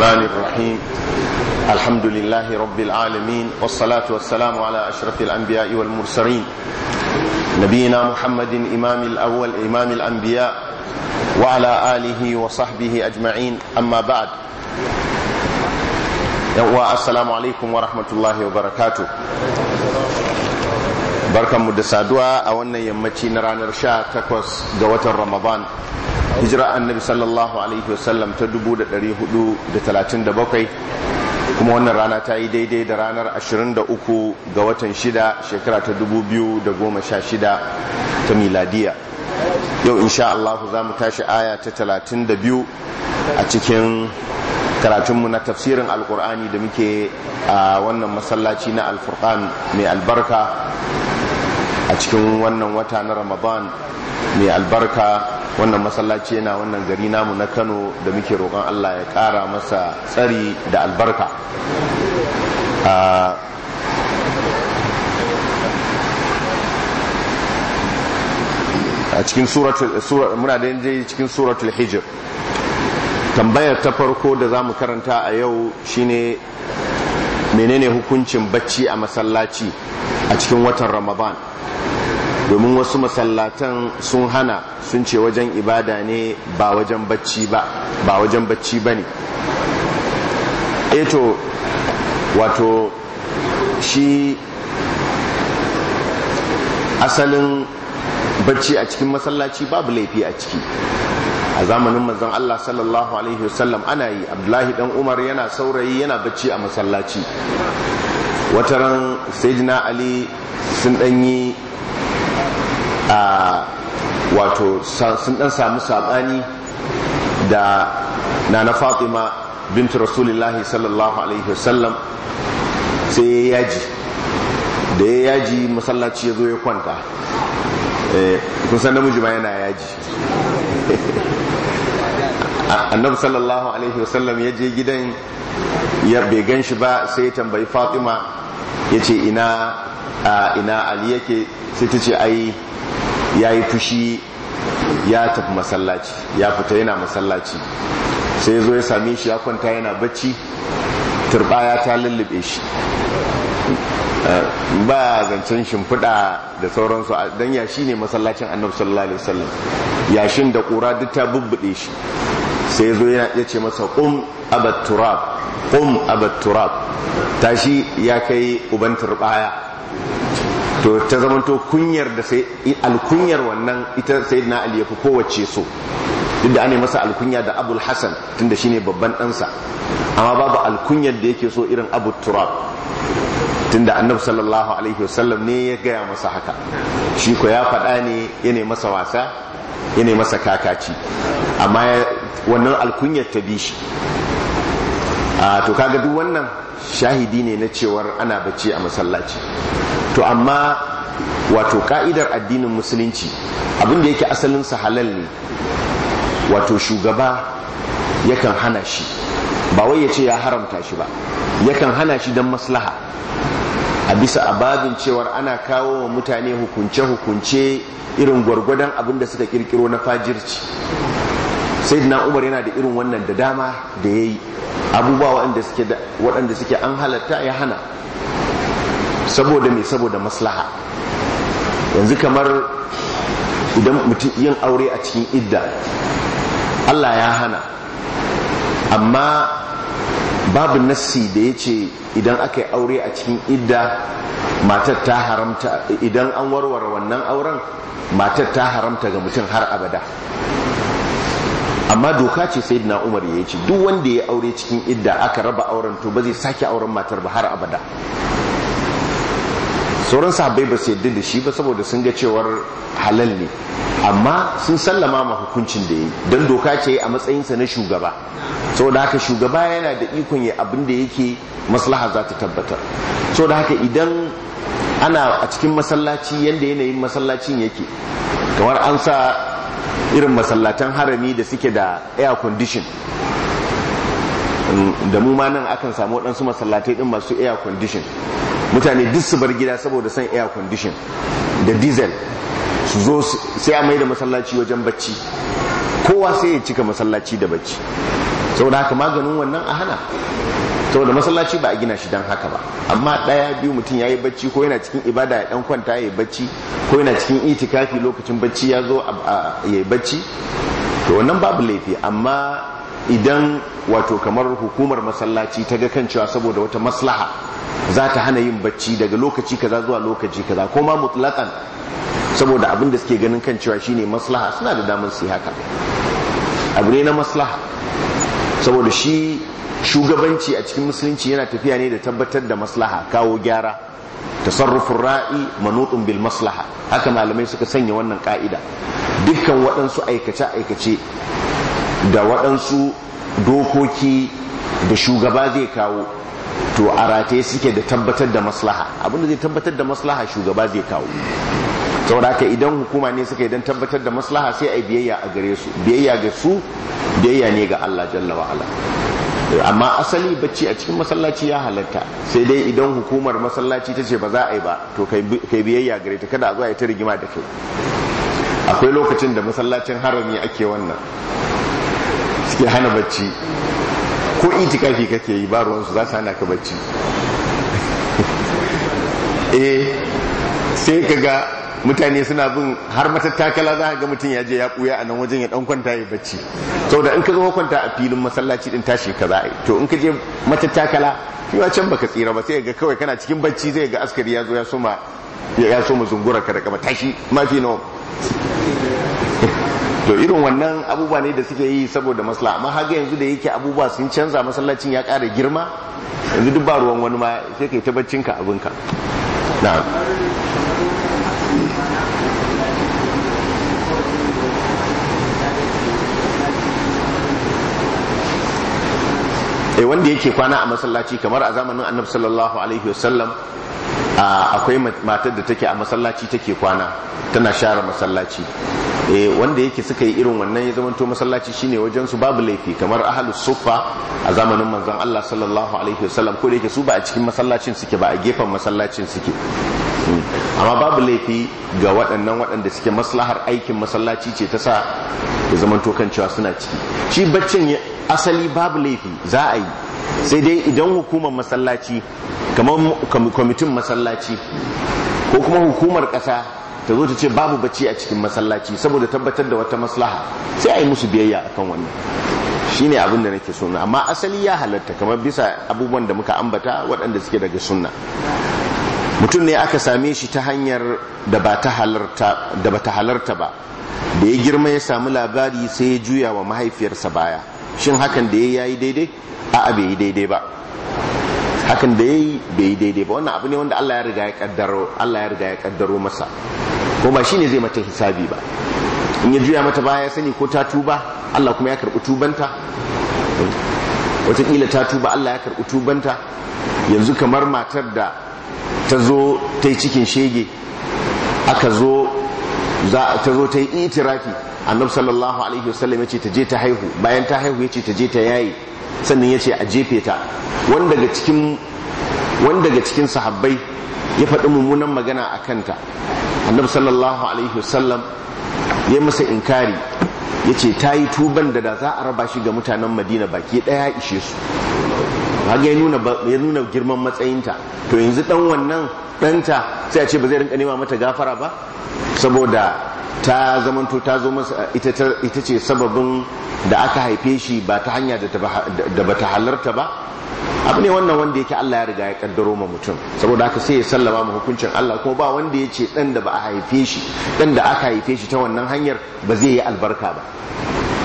الرحمن الرحيم الحمد لله رب العالمين والصلاة والسلام على أشرف الأنبياء والمرسلين نبينا محمد إمام الأول إمام الأنبياء وعلى آله وصحبه أجمعين أما بعد السلام عليكم ورحمة الله وبركاته barkanmu da saduwa a wannan yammaci na ranar 18 ga watan ramadan hijira annabi sallallahu alaihi wasallam ta bakwai kuma wannan rana ta yi daidai da ranar 23 ga watan shida shekara ta goma sha shida ta miladiya yau insha Allah za mu tashi aya ta biyu a cikin karatunmu na tafsirin alkur'ani da muke a wannan masallaci na alfurkan mai albarka cikin wannan wata na ramadan mai albarka wannan masallaci yana wannan gari namu na kano da muke roƙon allah ya ƙara masa tsari da albarka a cikin muna da yanzu cikin suratul hijir tambayar ta farko da za mu karanta a yau shine menene hukuncin bacci a masallaci a cikin watan ramadan domin wasu masallatan sun hana sun ce wajen ibada ne ba wajen bacci ba ba wajen bacci ba ne eto eh wato shi asalin bacci a cikin masallaci babu laifi a ciki a zamanin manzon Allah sallallahu alaihi wasallam ana yi abdullahi dan umar yana saurayi yana bacci a masallaci wataran sayyidina ali sun danyi a wato sun dan samu sabani da nana fatima bint rasulullahi sallallahu alaihi wasallam sai ya yaji da ya yaji masallaci ya zo ya kwanta eh, kun san namiji ma yana yaji annabi sallallahu alaihi wasallam ya je gidan ya bai gan shi ba sai ya tambayi fatima ya ce ina ali yake sai ta ce ai ya yi fushi ya tafi masallaci ya fita yana masallaci sai ya zo ya same shi ya kwanta yana bacci turbaya ta lullube shi eh, ba zancen shimfiɗa da sauransu a don yashi ne masallacin annabu sallallahu alaihi wasallam yashin da ƙura duk ta bubbuɗe shi sai ya zo ya ce masa ƙum abat turab ƙum turab tashi ya kai uban turbaya to ta zamanto kunyar da sai alkunyar wannan ita sai ali ya fi kowace so duk da ane masa alkunya da abul da tunda shine babban ɗansa amma babu alkunyar da yake so irin abu turab tunda annabu sallallahu alaihi wasallam ne ya gaya masa haka shi ko ya faɗa ne ya ne masa wasa ya ne masa kakaci amma wannan alkunyar ta bi shi to kaga duk wannan shahidi ne na cewar ana bacci a masallaci to amma wato ka'idar addinin musulunci abinda yake asalinsa halal ne wato shugaba yakan hana shi ba wai ya ce ya haramta shi ba yakan hana shi don maslaha a bisa ababin cewar ana kawo wa mutane hukunce-hukunce irin gwargwadon abinda suka kirkiro na fajirci sai na umar yana da irin wannan da dama da ya yi abubuwa waɗanda suke an halatta ya hana saboda mai saboda maslaha yanzu kamar idan mutum yin aure a cikin idda Allah ya hana amma babu nassi da ya ce idan aka yi aure a cikin idda matar ta haramta idan an warware wannan auren matar ta haramta ga mutum har abada amma doka ce sai na umar ya ci, duk wanda ya aure cikin idda aka raba auren to ba zai sake auren matar ba har abada sauran sahabbai ba su yadda da shi ba saboda sun ga cewar halal ne amma sun sallama ma hukuncin da yi don doka ce a matsayinsa na shugaba saboda haka shugaba yana da ikon ya abin da yake maslaha za ta tabbatar saboda haka idan ana a cikin masallaci yadda yanayin masallacin yake kamar an sa irin masallatan harami da suke da air condition da mu ma nan akan samu waɗansu masallatai ɗin masu air condition mutane duk su bar gida saboda san air condition da diesel su zo sai a mai da masallaci wajen bacci kowa sai ya cika masallaci da bacci saboda haka maganin wannan a hana saboda masallaci ba a gina shi don haka ba amma ɗaya biyu mutum ya yi bacci ko yana cikin ibada ya ɗan kwanta ya yi bacci ko yana cikin itikafi lokacin bacci ya zo ya yi bacci to wannan babu laifi amma idan wato kamar hukumar masallaci ta ga kan cewa saboda wata maslaha za ta hana yin bacci daga lokaci kaza zuwa lokaci kaza ko ma mutlaqan saboda abin da suke ganin kan cewa shine maslaha suna da damar su haka abu ne na maslaha saboda shi shugabanci a cikin musulunci yana tafiya ne da tabbatar da maslaha kawo gyara tasarrufin ra'i manutun bil maslaha haka malamai suka sanya wannan ka'ida dukkan waɗansu aikace-aikace da waɗansu dokoki da shugaba zai kawo to a rataye suke da tabbatar da maslaha abinda zai tabbatar da maslaha shugaba zai kawo sauraka idan hukuma ne suka idan tabbatar da maslaha sai a yi biyayya a gare su biyayya ga su biyayya ne ga Allah jalla wa'ala amma asali bacci a cikin masallaci ya halatta sai dai idan hukumar masallaci ta ce ba za a yi ba to kai biyayya gare ta kada a zo a ta rigima da kai akwai lokacin da masallacin harami ake wannan suke hana bacci ko itikafi kake yi ba ruwansu za su hana ka bacci eh sai ka ga mutane suna bin har matattakala za ga mutum ya je ya buya a nan wajen ya dan kwanta ya bacci saboda in ka zo kwanta a filin masallaci din tashi ka za to in ka je matattakala yiwa can baka tsira ba sai ga kawai kana cikin bacci zai ga askari ya zo ya soma ya zungura ka daga tashi mafi nawa to irin wannan abubuwa ne da suke yi saboda maslaha amma haga yanzu da yake abubuwa sun canza masallacin ya ƙara girma yanzu duk ba ruwan wani ma sai kai ta baccinka ka ka. eh wanda yake kwana a masallaci kamar a zamanin annabi sallallahu alaihi wasallam akwai matar da take a masallaci take kwana tana share masallaci eh wanda yake suka yi irin wannan ya zamanto masallaci shine wajen su babu laifi kamar ahlus suffa a zamanin manzon Allah sallallahu alaihi wasallam ko da yake su ba a cikin masallacin suke ba a gefen masallacin suke hmm. amma babu laifi ga waɗannan waɗanda suke maslahar aikin masallaci ce ta sa ya zamanto kan cewa suna ciki shi baccin asali babu laifi za a yi sai dai idan hukumar masallaci kamar kwamitin masallaci ko kuma hukumar ƙasa ta zo ta ce babu bacci a cikin masallaci saboda tabbatar da wata maslaha sai a yi musu biyayya akan wannan shine abin da nake suna amma asali ya halatta kamar bisa abubuwan da muka ambata waɗanda suke daga sunna mutum ne aka same shi ta hanyar da ba ta halarta ba da ya girma ya samu labari sai ya juya wa mahaifiyarsa baya shin hakan da ya yi daidai a bai yi daidai ba hakan da ya yi bai yi daidai ba wannan abu ne wanda Allah ya riga ya kaddaro Allah ya riga ya kaddaro masa ko ba shine zai mata hisabi ba in ya juya mata baya ya sani ko ta tuba Allah kuma ya karbi tubanta wataƙila ta tuba Allah ya karbi tubanta yanzu kamar matar da ta zo ta yi cikin shege aka zo za ta zo ta yi itirafi annabi sallallahu alaihi wasallam yace ta je ta haihu bayan ta haihu yace ta je ta yayi sannan yace a jefe ta wanda daga cikin wanda sahabbai ya faɗi mummunan magana a kanta annabi sallallahu alaihi wasallam ya masa inkari yace ta yi tuban da da za a raba shi ga mutanen madina baki ɗaya ishe su ya nuna ya nuna girman matsayinta to yanzu dan wannan danta sai a ce ba zai rinka nema mata gafara ba saboda ta zamanto ta zo masa ita ce sababin da aka haife shi ba ta hanya da ba ta halarta ba abu ne wannan wanda yake Allah ya riga ya kaddaro ma mutum saboda haka sai ya sallama ma hukuncin Allah kuma ba wanda ya ce dan da ba a haife shi dan da aka haife shi ta wannan hanyar ba zai yi albarka ba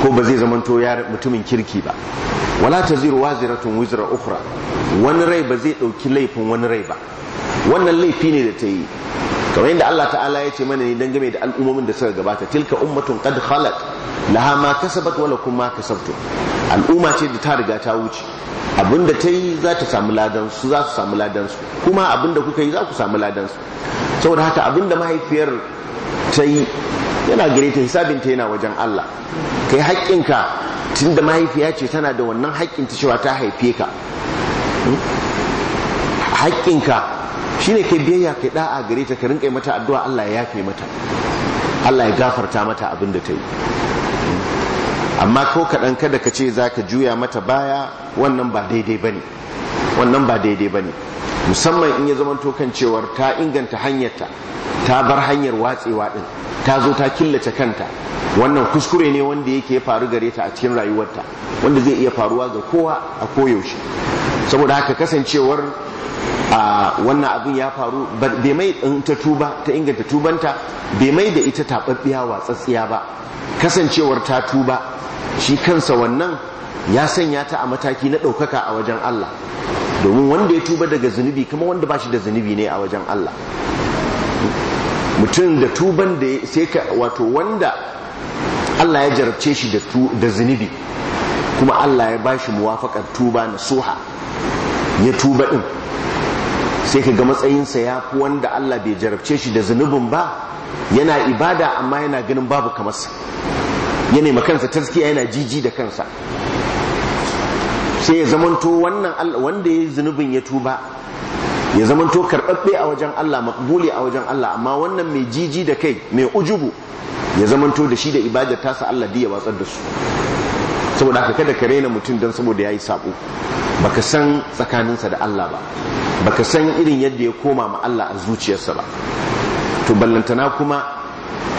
ko ba zai zamanto ya mutumin kirki ba wala taziru waziratun wizra ukhra wani rai ba zai dauki laifin wani rai ba wannan laifi ne da ta yi kamar yadda Allah ta'ala ya ce mana ne game da al'ummomin da suka gabata tilka ummatun qad khalat laha ma kasabat wa lakum ma kasabtum al'umma ce da ta riga ta wuce abinda ta yi za ta samu ladan su za su samu ladan su kuma abinda kuka yi za ku samu ladan su saboda haka abinda mahaifiyar ta yi yana gare ta hisabin ta yana wajen Allah kai haƙƙinka tunda mahaifiya ce tana da wannan haƙƙin ta cewa ta haife ka hmm? haƙƙinka Shi ne kai biyayya kai da'a gare ta ka rinka mata addu'a Allah ya yafe mata Allah ya gafarta mata abin da ta yi amma ko kaɗan kada ka ce zaka juya mata baya wannan ba daidai ba ne wannan ba daidai bane musamman in ya zamanto kan cewar ta inganta hanyarta ta bar hanyar watsewa ɗin ta zo ta killace kanta wannan kuskure ne wanda yake faru gare ta a cikin rayuwarta wanda zai iya faruwa ga kowa a koyaushe saboda haka kasancewar a wannan abin ya faru bai mai ta tuba ta inganta tubanta bai mai da ita taɓaɓɓiya watsatsiya ba kasancewar ta tuba shi kansa wannan ya sanya ta a mataki na ɗaukaka a wajen Allah domin wanda ya tuba daga zunubi kuma wanda ba shi da zunubi ne a wajen Allah mutum da tuban da sai ka wato wanda Allah ya jarabce shi da zunubi kuma Allah ya ba shi muwafaƙar tuba na suha ya tuba ɗin sai ka ga matsayinsa ya fi wanda Allah bai jarabce shi da zunubin ba yana ibada amma yana ganin babu kamarsa yana ma kansa taskiya yana jiji da kansa sai ya zamanto wannan wanda ya zunubin ya tuba ya zamanto karɓaɓɓe a wajen Allah makbuli a wajen Allah amma wannan mai jiji da kai mai ujubu ya zamanto da shi da ibadar tasa Allah diya watsar da su saboda haka kada ka rena mutum don saboda ya yi ba ka san tsakaninsa da Allah ba baka san irin yadda ya koma ma Allah a zuciyarsa ba to ballantana kuma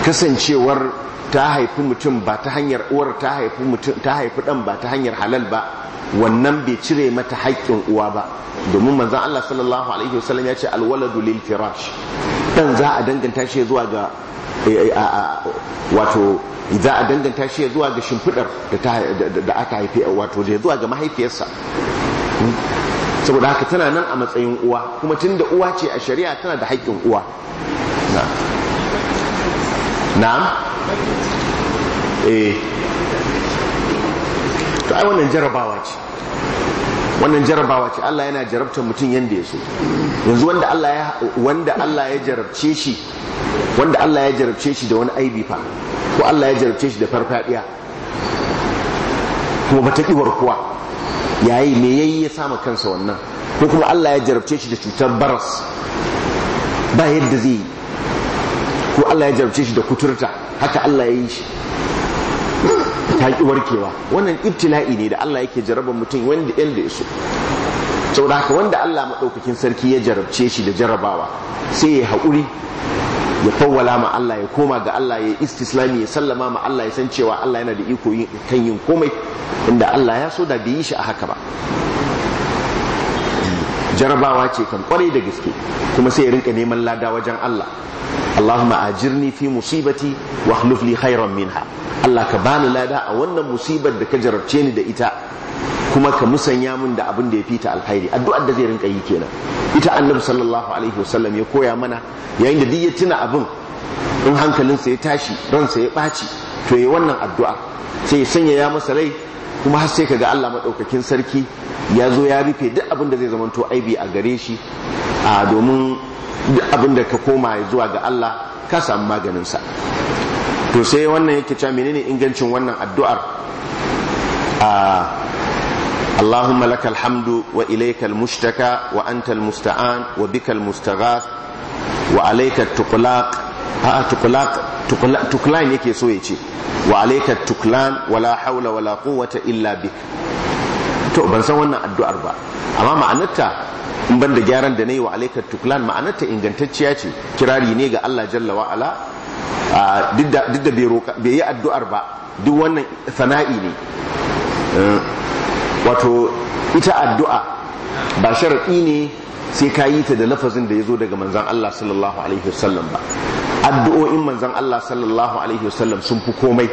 kasancewar ta haifi mutum ba ta hanyar uwar ta haifi mutum ta haifi dan ba ta hanyar halal ba wannan bai cire mata haƙƙin uwa ba domin manzon Allah sallallahu alaihi wasallam ya ce alwaladu lil firash dan za a danganta shi zuwa ga eh, eh, wato za a danganta shi zuwa ga shimfidar da aka haife wato da zuwa ga mahaifiyarsa saboda haka tana nan a matsayin uwa kuma tunda uwa ce a shari'a tana da haƙƙin uwa na'am Eh. to ai wannan jarabawa ce wannan jarabawa ce Allah yana jarabtar mutum yanda ya so yanzu wanda Allah ya wanda Allah ya jarabce shi wanda Allah ya jarabce shi da wani aibi fa ko Allah ya jarabce shi da farfadiya kuma ba ta kiwar kuwa yayi me yayi ya sama kansa wannan ko kuma Allah ya jarabce shi da cutar baras ba yadda zai yi ko Allah ya jarabce shi da kuturta haka Allah ya yi shi ta ki warkewa wannan ibtila'i ne da Allah yake jarabar mutum wanda da ya so saboda haka wanda Allah maɗaukakin sarki ya jarabce shi da jarabawa sai ya haƙuri ya fawwala ma Allah ya koma ga Allah ya istislami ya sallama ma Allah ya san cewa Allah yana da iko kan yin komai inda Allah ya so da bai yi shi a haka ba jarabawa ce kan kwarai da gaske kuma sai ya rinka neman lada wajen Allah Allahumma ajirni fi musibati wa akhlif li khairan minha Allah ka bani lada a wannan musibar da ka jarabce ni da ita kuma ka musanya min da abin da ya fita alkhairi addu'ar da zai rinka yi kenan ita annabi sallallahu alaihi wasallam ya koya mana yayin da duk ya tuna abin in hankalin sa ya tashi ransa ya baci to ya wannan addu'a sai ya sanya ya masa rai kuma har sai kaga Allah maɗaukakin sarki ya zo ya rufe duk abin da zai zamanto aibi a gare shi a domin abin da ka koma ya zuwa ga Allah ka maganin sa, to sai wannan yake ca mini ne ingancin wannan addu’ar a Allahumma laka alhamdu wa ilaikal mushtaka wa musta'an wa bikal mustaga wa alaikal tukulak a a yake so ya ce wa alaikal wala haula wala kowata illa bik to ban san wannan addu’ar ba amma ma’anatta in banda da gyaran da na yi wa alaikar tuklan ma'anarta ingantacciya ce kirari ne ga Allah jalla wa'ala duk da bai yi addu'ar ba duk wannan sana'i ne eh, wato ita addu'a ba sharaɗi ne sai ka yi ta da lafazin da ya zo daga manzan Allah sallallahu alaihi wasallam ba addu'o'in manzon Allah sallallahu alaihi wasallam sun fi komai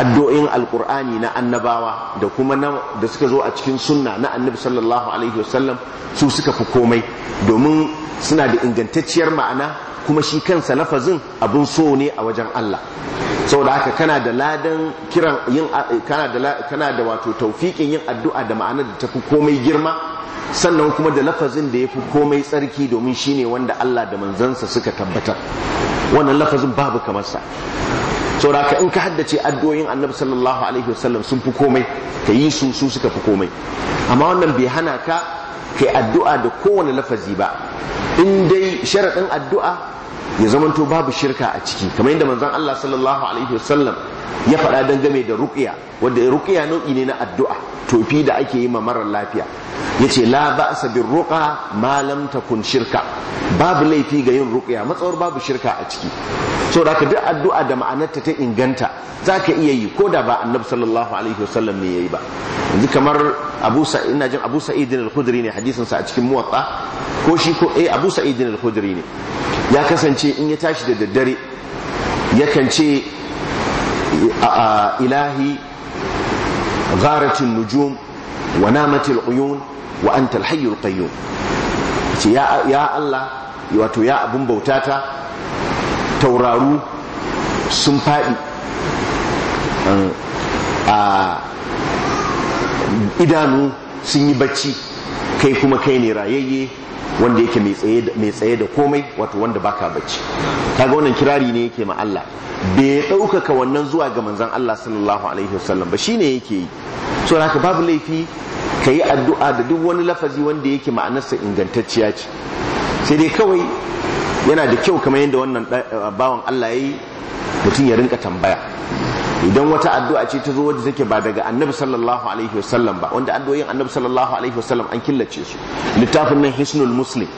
addu'o'in alqur'ani na annabawa da kuma na, da suka zo a cikin sunna na annabi sallallahu alaihi wasallam su suka fi komai domin suna da ingantacciyar ma'ana kuma shi kansa lafazin abin so ne a wajen Allah saboda haka kana da ladan kiran yin kana da wato taufiƙin yin addu'a da ma'anar da ta fi komai girma sannan kuma da lafazin da ya fi komai tsarki domin shi ne wanda Allah da manzansa suka tabbatar wannan lafazin babu kamar sa saboda haka in ka haddace addu'o'in Annabi sallallahu alaihi wasallam sun fi komai ka yi su su suka fi komai amma wannan bai hana ka kai addu'a da kowane lafazi ba in dai sharaɗin addu'a ya zamanto babu shirka a ciki kamar yadda manzon Allah sallallahu alaihi wasallam ya faɗa dangane da ruqya wanda ruqya nau'i ne na addu'a tofi da ake yi ma marar lafiya ya ce la ba bin ruqa ma ta kun shirka babu laifi ga yin ruqya matsawar babu shirka a ciki so da duk addu'a da ma'anarta ta inganta Za ka iya yi ko da ba annabi sallallahu alaihi wasallam ne yayi ba yanzu kamar abu sa'id ina jin abu sa'id al-khudri ne hadisin a cikin muwatta ko shi ko eh abu sa'id al-khudri ne ya kasance in ya tashi da daddare yakan ce ilahi غارت Nujum, ونامت العيون وأنت الحي القيوم يا يا الله wato ya abin bauta ta tauraru sun faɗi a idanu sun yi bacci kai kuma kai ne rayayye wanda yake mai tsaye da komai wato wanda baka bacci ga wannan kirari ne yake ma Allah bai ɗaukaka wannan zuwa ga manzon Allah sallallahu alaihi wasallam ba shine yake yi so haka babu laifi ka yi addu'a da duk wani lafazi wanda yake ma'anarsa ingantacciya ce sai dai kawai yana da kyau kamar yadda wannan bawan Allah ya yi mutum ya rinka tambaya idan wata addu'a ce ta zo wadda take ba daga annabi sallallahu alaihi wasallam ba wanda addu'o'in annabi sallallahu alaihi wasallam an killace su littafin nan hisnul muslim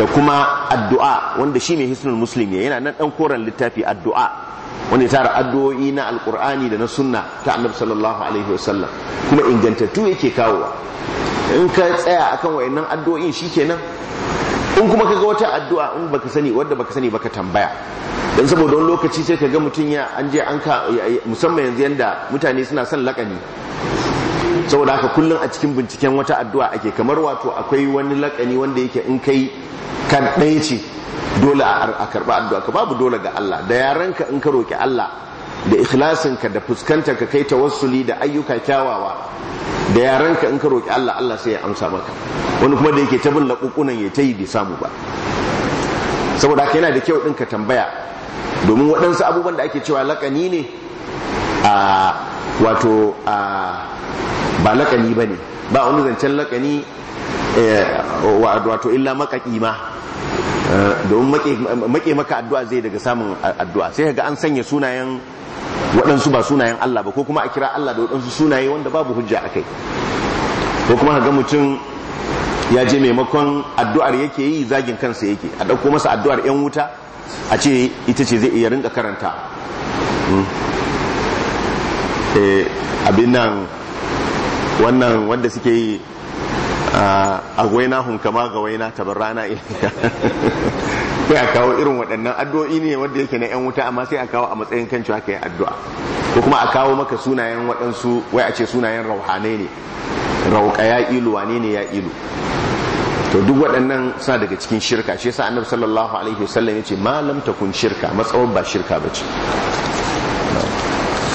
da kuma addu'a wanda shine hisnul muslim ne yana nan dan koran littafi addu'a wanda tara addu'o'i na alqur'ani da na sunna ta annabi sallallahu alaihi wasallam kuma ingantattu yake kawowa in ka tsaya akan wayannan addu'o'in shikenan in kuma kaga wata addu'a in baka sani wanda baka sani baka tambaya dan saboda wani lokaci sai kaga mutum ya an je an ka musamman yanzu yanda mutane suna son lakani saboda haka kullum a cikin binciken wata addu'a ake kamar wato akwai wani lakani wanda yake in kai kan ce dole a karba addu'a ka babu dole ga Allah da yaranka in ka roki Allah da ikhlasinka da fuskantar ka kai tawassuli da ayyuka kyawawa da yaranka in ka roƙi Allah Allah sai ya amsa maka wani kuma da yake ta bin laƙuƙunan ya tayi yi bai samu ba saboda haka yana da kyau ɗin ka tambaya domin waɗansu abubuwan da ake cewa laƙani ne a wato a ba laƙani ba ne ba wani zancen laƙani e, wato illa maƙaƙi ma e, domin maƙe maka addu'a zai daga samun addu'a sai ga an sanya sunayen waɗansu ba sunayen Allah ba ko kuma a kira Allah da waɗansu sunaye wanda babu hujja a kai ko kuma ga mutum ya je maimakon addu'ar yake yi zagin kansa yake a ɗauko masa addu'ar 'yan wuta a ce ita ce zai iya rinka karanta hmm. eh, abin nan wannan wanda suke yi ah, a gwaina hunkama ga waina tabarrana rana. sai a kawo irin waɗannan addu'o'i ne wanda yake na 'yan wuta amma sai a kawo a matsayin kan cewa yi addu'a ko kuma a kawo maka sunayen waɗansu wai a ce sunayen rauhanai ne rauka ya ilu wane ne ya ilu to duk waɗannan suna daga cikin shirka shi yasa annabi sallallahu alaihi wasallam yace ma lam takun shirka matsawar ba shirka bace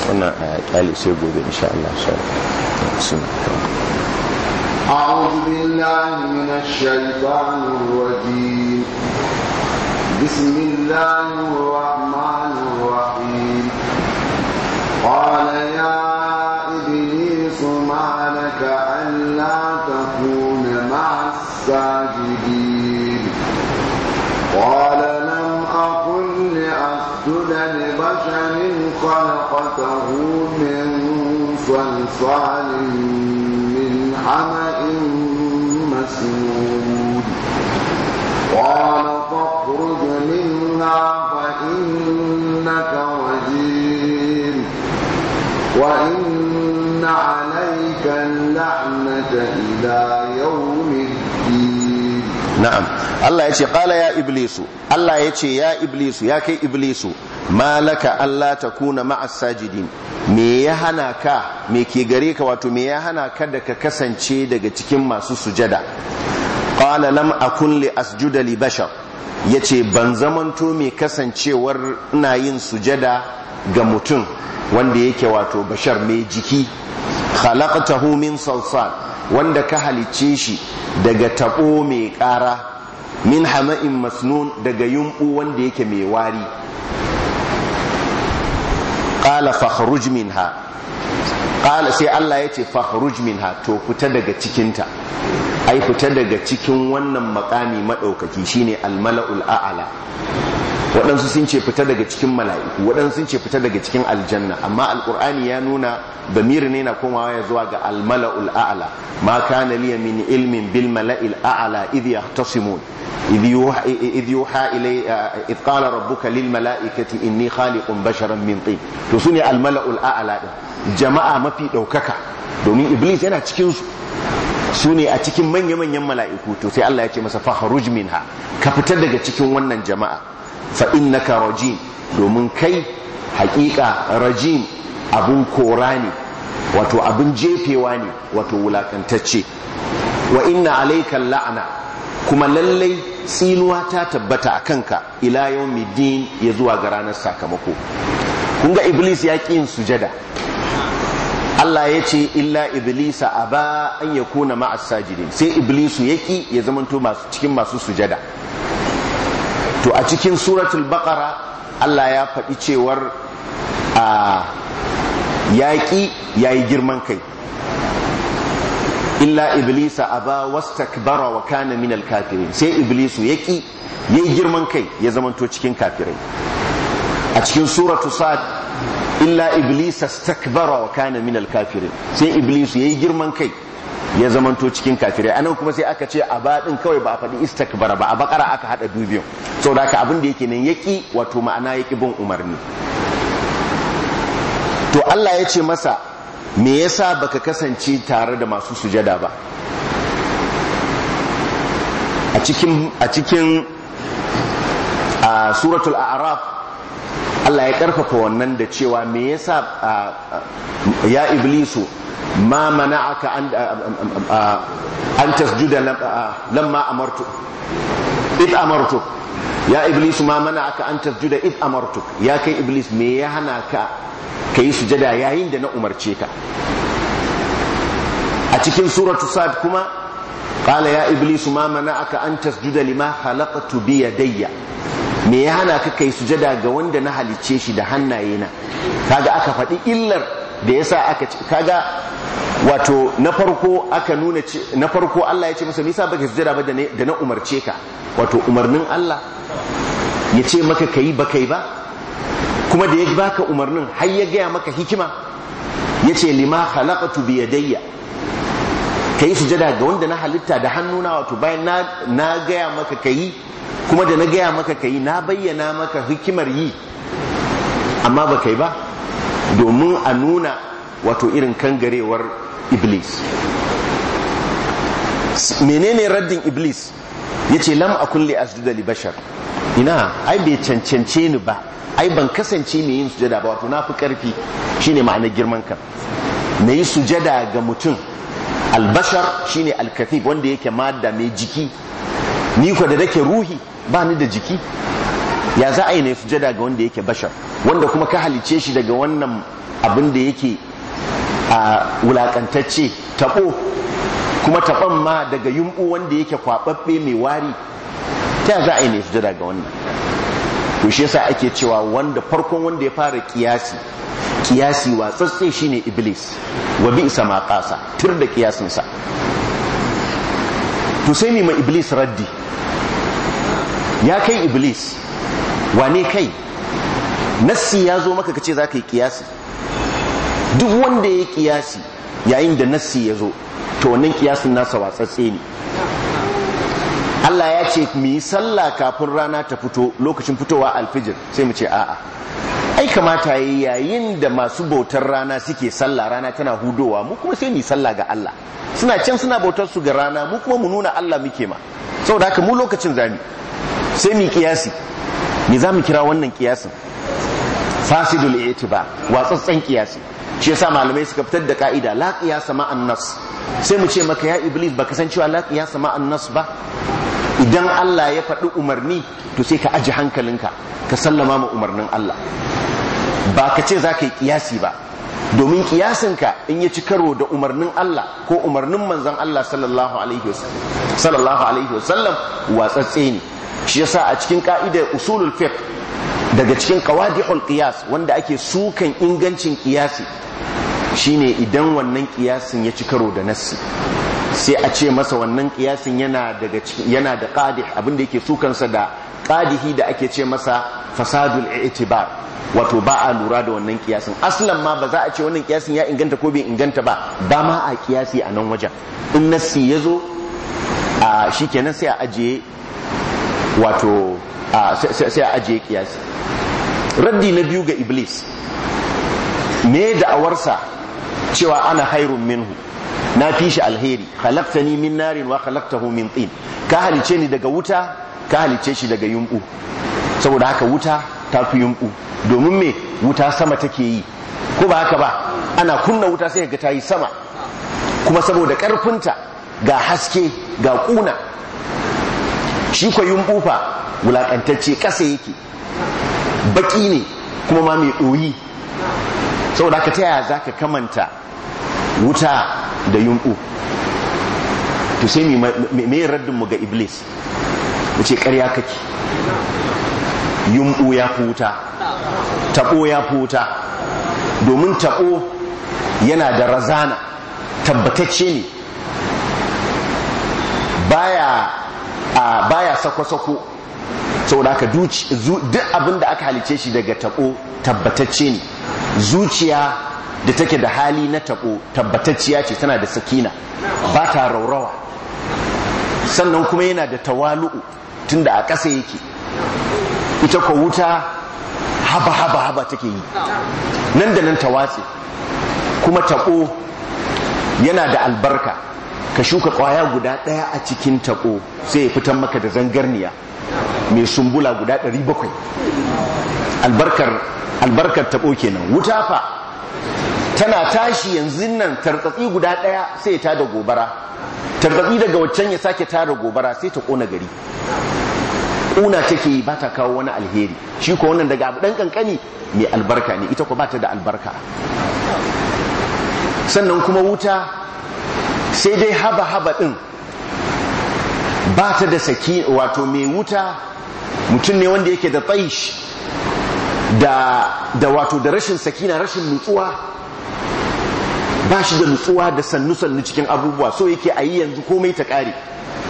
wannan a kyale gobe insha Allah أعوذ بالله من بسم الله الرحمن الرحيم قال يا إبليس ما لك ألا تكون مع الساجدين قال لم أقل لأسجد لبشر خلقته من صلصال من حمأ مسنون قال تخرج منا فإنك رجيم وإن عليك اللعنة إلى يوم الدين نعم الله يتي قال يا إبليس الله يتي يا إبليس يا كي إبليس ما لك ألا تكون مع الساجدين me ya hana ka me ke gare ka wato me ya hana ka da ka kasance daga cikin masu sujada qala lam akun li asjuda li bashar ya ce ban zamanto mai kasancewar ina yin sujada ga mutum wanda yake wato bashar mai jiki khalaqtahu min salsal wanda ka halicce shi daga tabo mai ƙara min hama'in masnun daga yumbu wanda yake mai wari qala fakhruj minha qala sai Allah ya ce fakhruj minha to fita daga cikinta ai fita daga cikin wannan makami madaukaki shine almala'ul a'la waɗansu sun ce fita daga cikin mala'iku waɗansu sun ce fita daga cikin aljanna amma alƙur'ani ya nuna damiri ne na komawa ya zuwa ga almala'ul a'la ma kana liya min ilmin bil mala'il a'la idh yahtasimun idh yuha ilay uh, idh qala rabbuka lil mala'ikati inni khaliqun basharan min tin to sunni almala'ul a'la din jama'a mafi ɗaukaka domin iblis yana cikin su su ne a cikin manya-manyan mala'iku to sai Allah ya ce masa faharuj minha ka fita daga cikin wannan jama'a fa innaka rajim domin kai haƙiƙa rajin abun kora ne wato abin jefewa ne wato wulakantacce wa inna alaikan la'ana kuma lallai tsinuwa ta tabbata a kanka ila midin ya zuwa ga ranar sakamako kunga iblis ya ƙi yin sujada Allah ya ce illa iblisa a ba an kona ma'asa ma'asajirin sai iblisu ƙi ya zamanto cikin masu sujada to a cikin suratul baqara Allah ya faɗi cewar a yaƙi yi girman kai illa iblisa aba wastakbara wa kana min alkafirin sai iblisu yaki yayi girman kai ya zamanto cikin kafirai a cikin suratu sa'ad illa iblisa stakbara wa kana min alkafirin sai iblisu yayi girman kai ya zamanto cikin kafirai anan kuma sai aka ce a baɗin kawai ba a faɗi bara ba a bakara aka haɗa dubiyan saboda aka abin da yake nan yaƙi wato ma'ana yaƙi bin umarni to Allah ya ce masa me yasa baka kasance tare da masu sujada ba a cikin a cikin suratul a'araf Allah ya karfafa wannan da cewa me yasa ya iblisu ma mana'aka an an tasjuda lamma amartu id amartu ya iblis ma mana'aka an tasjuda id amartu ya kai iblis me ya hana ka kai sujada yayin da na umarce ka a cikin suratu sad kuma qala ya iblisu ma mana'aka an tasjuda lima khalaqtu bi me ya hana ka kai sujada ga wanda na halicce shi da hannaye na kaga aka faɗi illar da yasa aka kaga wato na farko aka nuna na farko Allah ya ce masa nisa baka sujada ba da na umarce ka wato umarnin Allah ya ce maka kayi ba kai ba kuma da ya baka umarnin har ya gaya maka hikima ya ce lima khalaqtu bi yadayya ka yi sujada ga wanda na halitta da hannuna wato bayan na gaya maka ka yi kuma da na gaya maka ka yi na bayyana maka hikimar yi amma ba kai ba domin a nuna wato irin kangarewar iblis menene raddin iblis ya ce lam a kulle asjuda li bashar ina ai bai cancance ni ba ai ban kasance mai yin sujada ba wato na fi karfi shine ma'anar girman ka na yi sujada ga mutum albashar shine alkafif wanda yake madda mai jiki ni ko da nake ruhi ba ni da jiki ya za a yi na sujada ga wanda yake bashar wanda kuma ka halice shi daga wannan abin da yake a wulakantacce tabo kuma taban ma daga yumbu wanda yake kwaɓaɓɓe mai wari ta za a yi na sujada ga wannan to shi yasa ake cewa wanda farkon wanda ya fara kiyasi kiyasi watsatse shine iblis wa bi isa ma kasa tir da kiyasinsa to sai ma iblis raddi ya kai iblis wane kai nassi ya zo maka kace za ka yi kiyasi duk wanda ya yi kiyasi yayin da nassi ya zo to wannan kiyasin nasa watsatse ne Allah ya ce mu yi sallah kafin rana ta fito lokacin fitowa alfijir sai mu ce a'a ai kamata yi yayin da masu bautar rana suke sallah rana tana hudowa mu kuma sai mu sallah ga Allah suna can suna bautar su ga rana mu kuma mu nuna Allah muke ma saboda haka mu lokacin zami sai mu kiyasi me zamu kira wannan kiyasin fasidul itiba watsatsan kiyasi shi yasa malamai suka fitar da ka'ida la qiyasa ma'an nas sai mu ce maka ya iblis baka san cewa la qiyasa ma'an nas ba idan Allah ya faɗi umarni to sai ka aji hankalinka ka sallama ma umarnin Allah ba ka ce za ka yi ƙiyasi ba domin ka in ya ci karo da umarnin Allah ko umarnin manzon Allah sallallahu alaihi wasallam watsatse ne shi yasa a cikin ka'idar usulul fiqh daga cikin qawadihul qiyas wanda ake sukan ingancin kiyasi shine idan wannan qiyasin ya ci karo da nassi sai a ce masa wannan kiyasin yana daga yana da qadih abinda yake sukansa da qadihi da ake ce masa fasadul i'tibar wato ba a lura da wannan kiyasin aslan ma ba za a ce wannan kiyasin ya inganta ko bai inganta ba ba ma a kiyasi a nan wajen in nassi yazo a shikenan sai a ajiye wato sai a ajiye kiyasi raddi na biyu ga iblis me awarsa cewa ana hairun minhu na fi shi alheri ni min narin wa hu min tsin ka halice ni daga wuta ka halice shi daga yumbu saboda haka wuta ta fi yumbu domin me wuta sama take yi ko ba haka ba ana kunna wuta sai ga ta yi sama kuma saboda karfinta ga haske ga ƙuna shi kwa yumbu fa wulakantacce ƙasa yake baƙi ne kuma ma mai ɗoyi saboda ka taya za ka kamanta wuta da yunɓu to sai mai yin mu ga iblis mu ce ƙarya kake yunɓu ya fi wuta taɓo ya fi wuta domin taɓo yana da razana tabbatacce ne baya a baya sako-sako saboda haka duk abin da aka halice shi daga tabo tabbatacce ne zuciya da take da hali na tabo tabbatacciya ce tana da sakina ba ta raurawa sannan kuma yana da tawalu'u tun da a ƙasa yake ita ko wuta haba haba haba take yi nan da nan ta watse kuma tabo yana da albarka ka shuka kwaya guda ɗaya a cikin tabo sai ya fitan maka da zangarniya mai sumbula guda 700 albarkar albarkar tabo kenan wuta fa tana tashi yanzu nan tartsatsi guda ɗaya sai ta da gobara tartatsi daga waccan ya sake tara gobara sai ta kona gari ƙuna take ba ta kawo wani alheri shi ko wannan daga abu ɗan kankani mai albarka ne ita ko ba ta da albarka sannan kuma wuta sai dai haba haba ɗin. ba ta da saki wato mai wuta mutum ne wanda yake da tsaish da wato da rashin saki na rashin nutsuwa ba shi da nutsuwa da sannu-sannu cikin abubuwa so yake a yi yanzu komai ta ƙare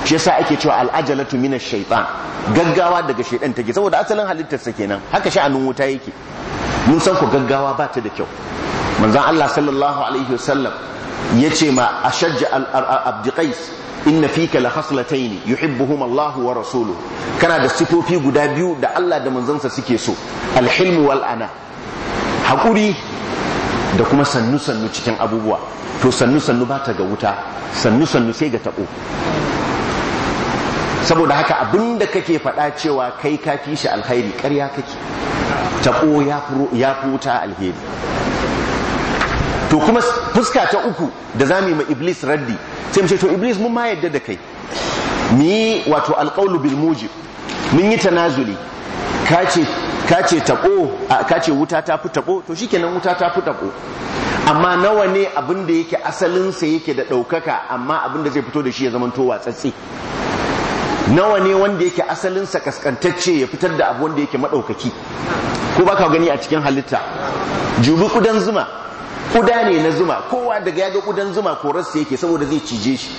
shi yasa ake cewa al'ajalatu mina shaitan gaggawa daga shaitan take saboda asalin halittarsa kenan haka sha'anin wuta yake mun san ku gaggawa ba ta da kyau manzon Allah sallallahu alaihi wasallam ya ce ma ashajja abdiqais inna fika la khaslataini yuhibbuhuma Allah wa rasuluhu kana da sifofi guda biyu da Allah da manzansa suke so alhilm wal ana hakuri da kuma sannu sannu cikin abubuwa to sannu sannu ba ta ga wuta sannu sannu sai ga tabo saboda haka abinda kake faɗa cewa kai ka shi alkhairi ƙarya kake tabo ya fi wuta alheri to kuma fuska ta uku da za mu yi iblis raddi sai mu ce to iblis mun ma yadda da kai mu wato alƙaulu bil mujib mun yi tanazuli ka ce ka ce ka ce wuta ta fi taɓo to shikenan wuta ta fi taɓo. amma nawa ne abin da yake asalin sa yake da ɗaukaka amma abin da zai fito da shi ya zamanto watsatsi nawa ne wanda yake asalin sa kaskantacce ya fitar da abu wanda yake maɗaukaki ko baka gani a cikin halitta jubi kudan zuma kuda ne na zuma kowa daga ya ga kudan zuma ko rasa yake saboda zai cije shi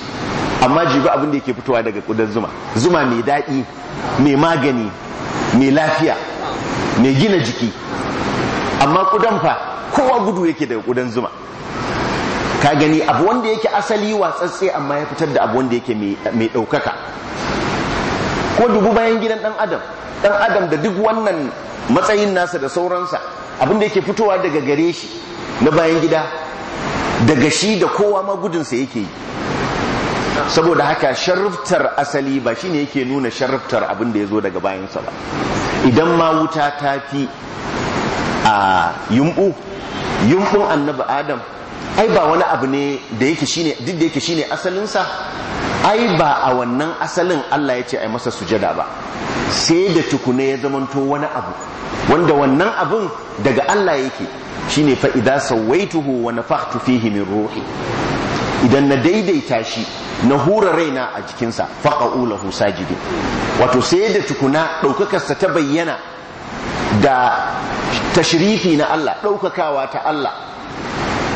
amma jibi abin da yake fitowa daga kudan zuma zuma mai daɗi mai magani mai lafiya mai gina jiki amma kudan fa kowa gudu yake daga kudan zuma ka gani abu wanda yake asali watsatse amma ya fitar da abu wanda yake mai ɗaukaka ko dubu bayan gidan ɗan adam dan adam da duk wannan matsayin nasa da sauransa abin da yake fitowa daga gare shi na bayan gida daga shi da kowa ma gudunsa yake yi saboda haka sharruftar asali ba shine yake nuna sharruftar abin da ya zo daga bayansa ba idan ma wuta ta fi a yumbu yumbun annabi adam ai ba wani abu ne da yake shine duk da yake shine asalinsa ai ba a wannan asalin Allah ya ce ai masa sujada ba sai da tukune ya zamanto wani abu wanda wannan abun daga Allah yake shine fa idza sawaituhu wa nafakhtu fihi min ruhi idan na daidaita shi na hura raina a jikin sa faqa'u lahu sajidin wato sai da tukuna ɗaukakarsa ta bayyana da tashrifi na Allah ɗaukakawa ta Allah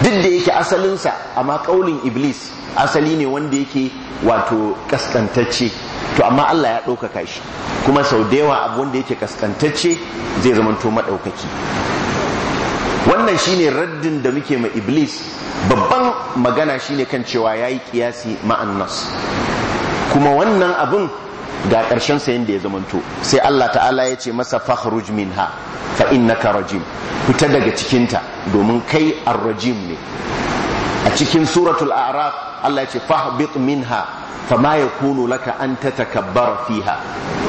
duk da yake asalinsa amma kaulin iblis asali ne wanda yake wato kaskantacce to amma Allah ya ɗaukaka shi kuma sau da yawa abu wanda yake kaskantacce zai zamanto maɗaukaki wannan shine raddin da muke ma iblis babban magana shine kan cewa ya yi kiyasi ma'annas kuma wannan abin ga ƙarshen sa yanda ya zamanto sai Allah ta'ala ya ce masa fakhruj minha fa innaka rajim fita daga cikin ta domin kai ar-rajim ne a cikin suratul a'raf Allah ya ce fahbit minha fama yakunu laka an tatakabbara fiha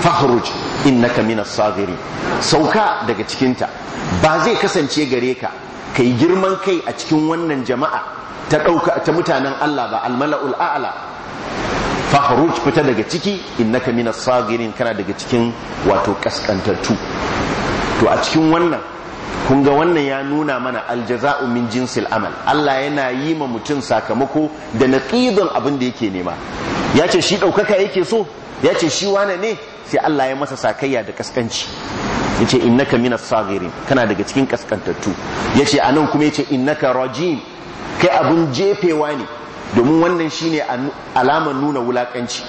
fakhruj innaka as saghiri sauka daga cikin ta ba zai kasance gare ka kai girman kai a cikin wannan jama'a ta dauka ta mutanen Allah ba al malaul a'la fahruj fita daga ciki innaka minas sagirin kana daga cikin wato kaskantattu to a cikin wannan kun ga wannan ya nuna mana aljaza'u min jinsil amal Allah yana yi ma mutum sakamako da naqidun abin da yake nema ya ce shi ɗaukaka yake so ya ce shi wane ne sai Allah ya masa sakayya da kaskanci ya ce innaka minas sagirin kana daga cikin kaskantattu ya ce anan kuma ya ce innaka rajim kai abun jefewa ne domin wannan shine alamar nuna wulakanci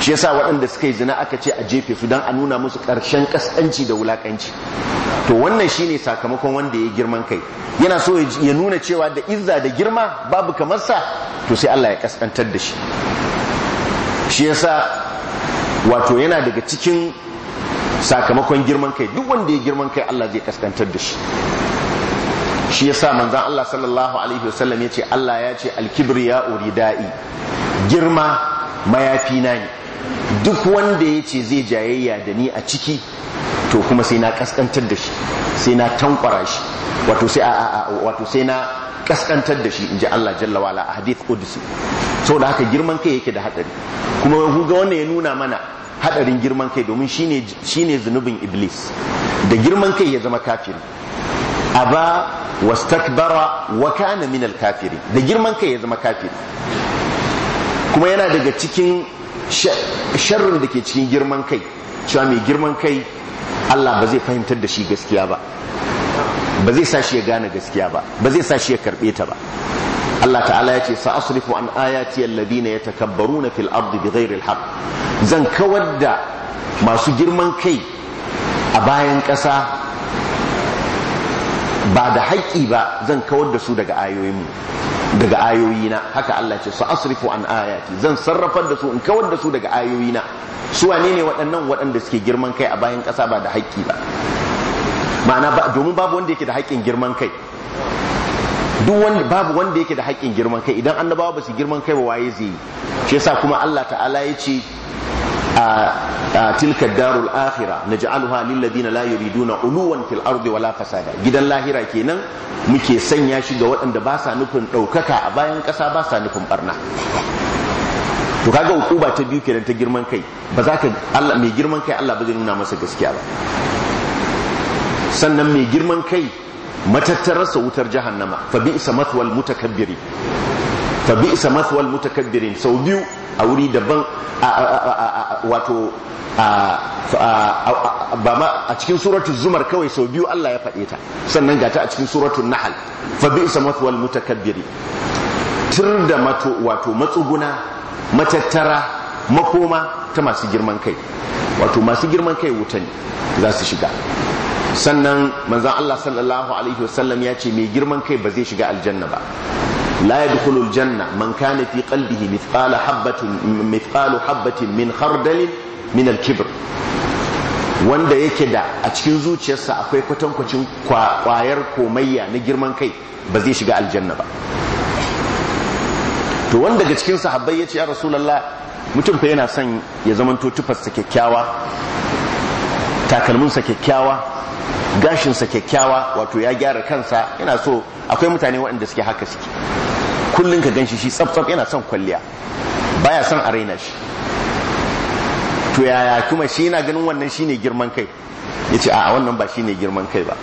shi yasa waɗanda suka yi zina aka ce a jefe su don a nuna musu ƙarshen ƙasƙanci da wulaƙanci to wannan shine sakamakon wanda ya girman kai yana so ya nuna cewa da izza da girma babu kamar sa to sai Allah ya ƙasƙantar da shi shi yasa wato yana daga cikin sakamakon girman kai duk wanda ya girman kai Allah zai ƙasƙantar da shi shi ya sa manzan Allah sallallahu alaihi wasallam ce Allah ya ce alkibri ya alkibriya da'i girma mayafi na ne duk wanda ya ce zai jayayya da ni a ciki to kuma sai na kaskantar da shi sai na tankwara shi wato sai a wato sai na kaskantar da shi inji Allah jalla wala a hadith qudsi da haka girman kai yake da hadari kuma huga wanda ya nuna mana hadarin girman kai domin shine shine zunubin iblis da girman kai ya zama kafin. aba wastakbara wa kana min alkafiri da girman kai ya zama kafiri kuma yana daga cikin sharrin da ke cikin girman kai cewa mai girman kai Allah ba zai fahimtar da shi gaskiya ba ba zai sa shi ya gane gaskiya ba ba zai sa shi ya karbe ta ba Allah ta'ala ya ce sa asrifu an ayati alladhina yatakabbaruna fil ardi zairil alhaq zan kawar da masu girman kai a bayan ƙasa ba da haƙƙi ba zan kawar da su daga ayoyinmu daga ayoyina haka Allah ce sa'asrifu an ayati zan sarrafar da su in kawar da su daga ayoyina su wane ne waɗannan waɗanda suke girman kai a bayan ƙasa ba da haƙƙi ba ma'ana ba domin babu wanda yake da haƙƙin girman kai duk wanda babu wanda yake da haƙƙin girman kai idan annabawa ba su girman kai ba waye zai yi shi yasa kuma Allah ta'ala ya ce a tilka darul akhira naj'aluha lil ladina la yuriduna uluwan fil ardi wala fasada gidan lahira kenan muke sanya shi ga waɗanda ba sa nufin ɗaukaka a bayan ƙasa ba sa nufin barna to kaga hukuma ta biyu kenan ta girman kai ba za ka Allah mai girman kai Allah ba zai nuna masa gaskiya ba sannan mai girman kai matattararsa wutar jahannama fa bi'sa matwal mutakabbiri fa bi'sa mathwal mutakabbirin sau biyu a wuri daban wato a cikin suratun zumar kawai sau biyu Allah ya faɗe ta sannan ga ta a cikin suratun nahal fa bi'sa mathwal mutakabbiri tir da wato matsuguna matattara makoma ta masu girman kai wato masu girman kai wuta ne za su shiga sannan manzan Allah sallallahu alaihi wasallam ya ce mai girman kai ba zai shiga aljanna ba لا يدخل janna من كان fi قلبه مثقال habatin مثقال habatin min خردل min الكبر wanda yake da a cikin zuciyarsa akwai kwatankwacin kwayar komayya na girman kai ba zai shiga aljanna ba to wanda daga cikin sahabbai ya ce ya rasulallah mutum fa yana son ya zamanto tufarsa kyakkyawa takalminsa kyakkyawa gashinsa kyakkyawa wato ya gyara kansa yana so akwai mutane waɗanda suke haka suke kullun ka ganshi shi tsaf tsaf yana son kwalliya baya son a raina shi to yaya kuma shi yana ganin wannan shine girman kai yace a wannan ba shine girman kai ba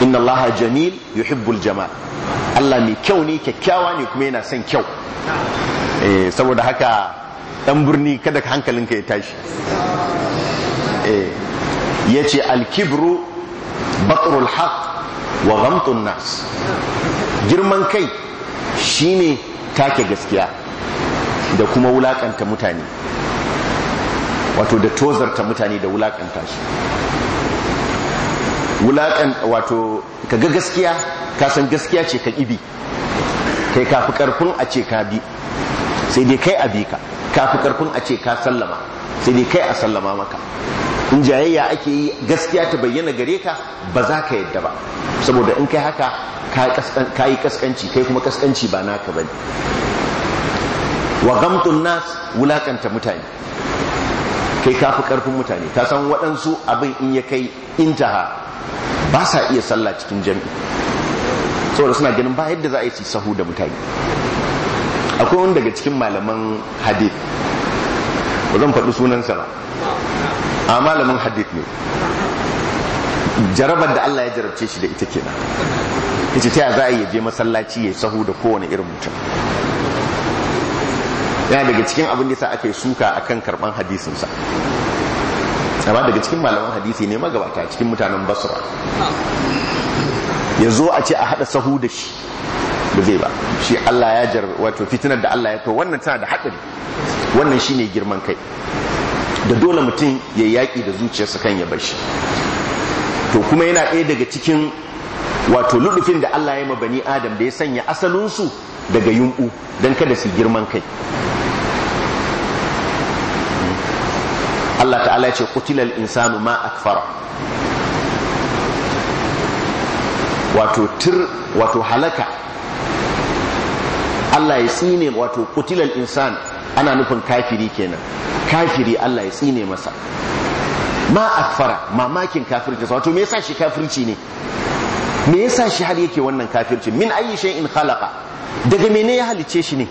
inna allaha jamil yuhibbul jamal Allah mai kyau ne kyakkyawa ne kuma yana son kyau eh, saboda haka dan birni kada ka ka ya tashi eh yace al-kibru batrul haqq wa ghamtun nas girman kai Shi ne take gaskiya da kuma wulakanta mutane wato da tozarta mutane da wulakanta shi. wulakan wato kaga gaskiya ka san gaskiya ce ka ibi kai kafi karfin a ce ka bi sai dai kai a bi ka kafi karfin a ce ka sallama sai dai kai a sallama maka in jayayya ake yi gaskiya ta bayyana gare ka ba za ka yadda ba saboda in kai haka ka yi kaskanci kai kuma kaskanci ba naka bane wa gamtun nas wulakanta mutane kai fi karfin mutane ta san waɗansu abin in ya kai intaha ba sa iya sallah cikin jami'i saboda suna ganin ba yadda za a yi sahu da mutane akwai wani daga cikin malaman hadith ba zan faɗi sunansa ba a malamin hadith ne jarabar da Allah ya jarabce shi da ita kenan yace ta za a yi je masallaci ya sahu da kowane irin mutum yana daga cikin abin da sa aka yi suka akan karban hadisinsa amma daga cikin malaman hadisi ne magabata cikin mutanen basra ya zo a ce a hada sahu da shi ba zai ba shi Allah ya jar wato fitinar da Allah ya to wannan tana da haɗari wannan shine girman kai da dole mutum ya yaƙi da zuciyarsa kan ya bar shi to kuma yana ɗaya daga cikin wato lulufin da Allah ya ma bani adam da ya sanya asalinsu daga yunƙu don kada su girman kai Allah ta'ala ya ce kutilal insanu ma akfara wato tir wato halaka Allah ya tsine wato kutilal insan ana nufin kafiri kenan kafiri Allah ya tsine masa ma akfara mamakin kafirci wato me yasa shi kafirci ne me yasa shi har yake wannan kafirci min ayi in khalaqa daga mene ya halice shi ne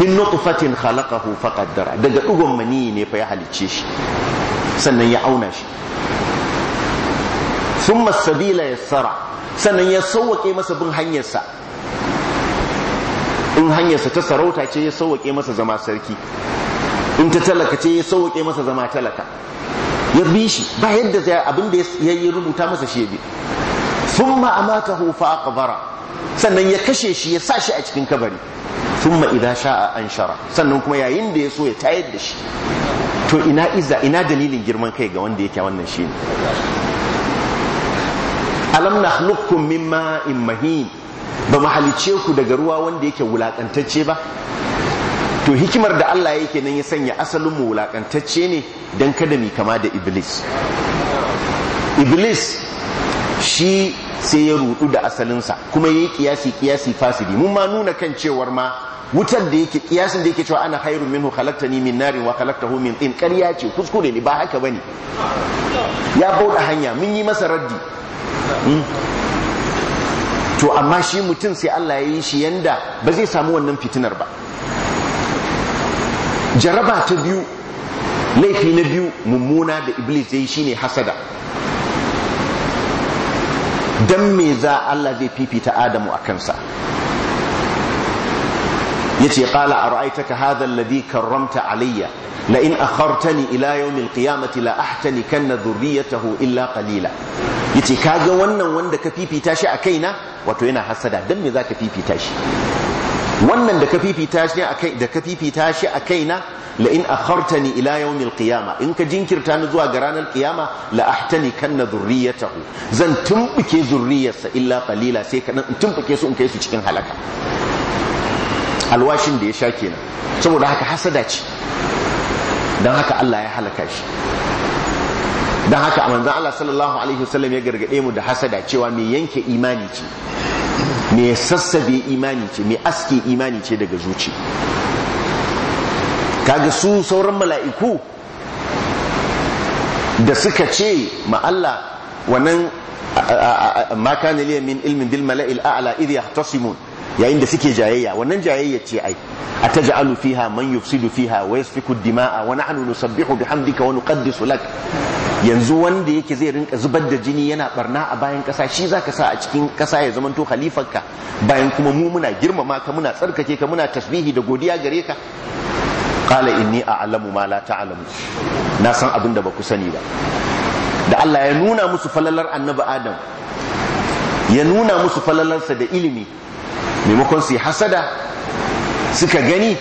min nutfatin khalaqahu faqaddara daga dugon mani ne fa ya halice shi sannan ya auna shi thumma sabila yassara sannan ya sauwake masa bin hanyarsa in sa ta sarauta ce ya sauwake masa zama sarki in ta talaka ce ya sauke masa zama talaka ya bi shi ba yadda zai abin da ya yi rubuta masa shi ya bi Sun thumma hufa a kabara sannan ya kashe shi ya sa shi a cikin kabari Sun sha a sha'a anshara sannan kuma yayin da ya so ya tayar da shi to ina iza, ina dalilin girman kai ga wanda yake wannan shi ne alam nakhluqukum mimma in mahin ba mahalice ku daga ruwa wanda yake wulakantacce ba to hikimar da Allah yake nan ya sanya asalin mu wulakantacce ne dan kada mu kama da iblis iblis shi sai ya rudu da asalinsa kuma yayi kiyasi kiyasi fasidi mun ma nuna kan cewar ma wutar da yake kiyasin da yake cewa ana khairu minhu khalaqtani min nari wa khalaqtahu min tin ƙarya ce kuskure ne ba haka bane ya bauɗa hanya mun yi masa raddi hmm? to amma shi mutum sai Allah ya yi shi yanda ba zai samu wannan fitinar ba jaraba ta biyu laifi na biyu mummuna da iblis ya yi shine hasada dan me za Allah zai fifita Adamu a kansa yace qala ara'aytaka hadha alladhi karramta alayya la in akhartani ila yawm alqiyamati la ya dhurriyyatahu illa qalila yace kaga wannan wanda ka fifita shi a kaina wato yana hasada dan me za ka fifita shi wannan da ka fifita shi akai da kafifita shi akai na la in akhartani ila yawmil qiyama in ka jinkirta ni zuwa ga ranar qiyama la ahtani kanna dhurriyatahu zan tumbuke zurriyarsa illa qalila sai ka dan tumbuke su in kai su cikin halaka alwashin da ya sha kenan saboda haka hasada ce dan haka Allah ya halaka shi dan haka manzon Allah sallallahu alaihi wasallam ya gargade mu da hasada cewa me yanke imani ce mai sassabe imani ce mai aske imani ce daga zuci kaga su sauran mala'iku da suka ce ma Allah wannan makanaliyar min ilmin bil mala'il a'la idh yahtasimun yayin da suke jayayya wannan jayayya ce ai a fi ha man yufsidu fiha wa yasfiku dima'a wa nahnu nusabbihu bihamdika wani nuqaddisu lak yanzu wanda yake zai rinka zubar da jini yana barna a bayan kasa shi za ka sa a cikin kasa ya zamanto khalifarka bayan kuma mu muna girmama ka muna tsarkake ka muna tasbihi da godiya gare ka qala inni a'lamu ma la ta'lamu na san abin da ba sani ba da Allah ya nuna musu falalar annabi Adam ya nuna musu falalarsa da ilimi maimakon su hasada suka gani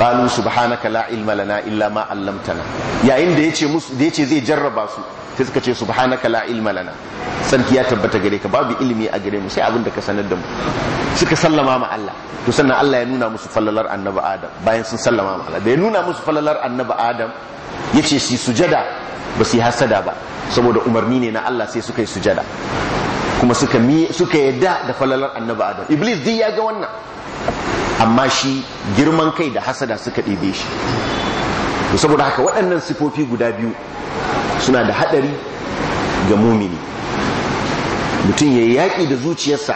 qalu subhanaka la ilma lana illa ma 'allamtana yayin da yace musu zai jarraba su sai suka ce subhanaka la ilma lana sarki ya tabbata gare ka babu ilimi a gare mu sai abin da ka sanar da mu suka sallama ma Allah to sannan Allah ya nuna musu fallalar annabi Adam bayan sun sallama ma Allah da ya nuna musu fallalar annabi Adam yace su sujada ba su yi hasada ba saboda umarni ne na Allah sai suka yi sujada kuma suka yadda da falalar annabi adam iblis duk ya ga wannan amma shi girman kai da hasada suka ɗebe shi to saboda haka waɗannan sifofi guda biyu suna da haɗari ga mumini mutum ya yaƙi da zuciyarsa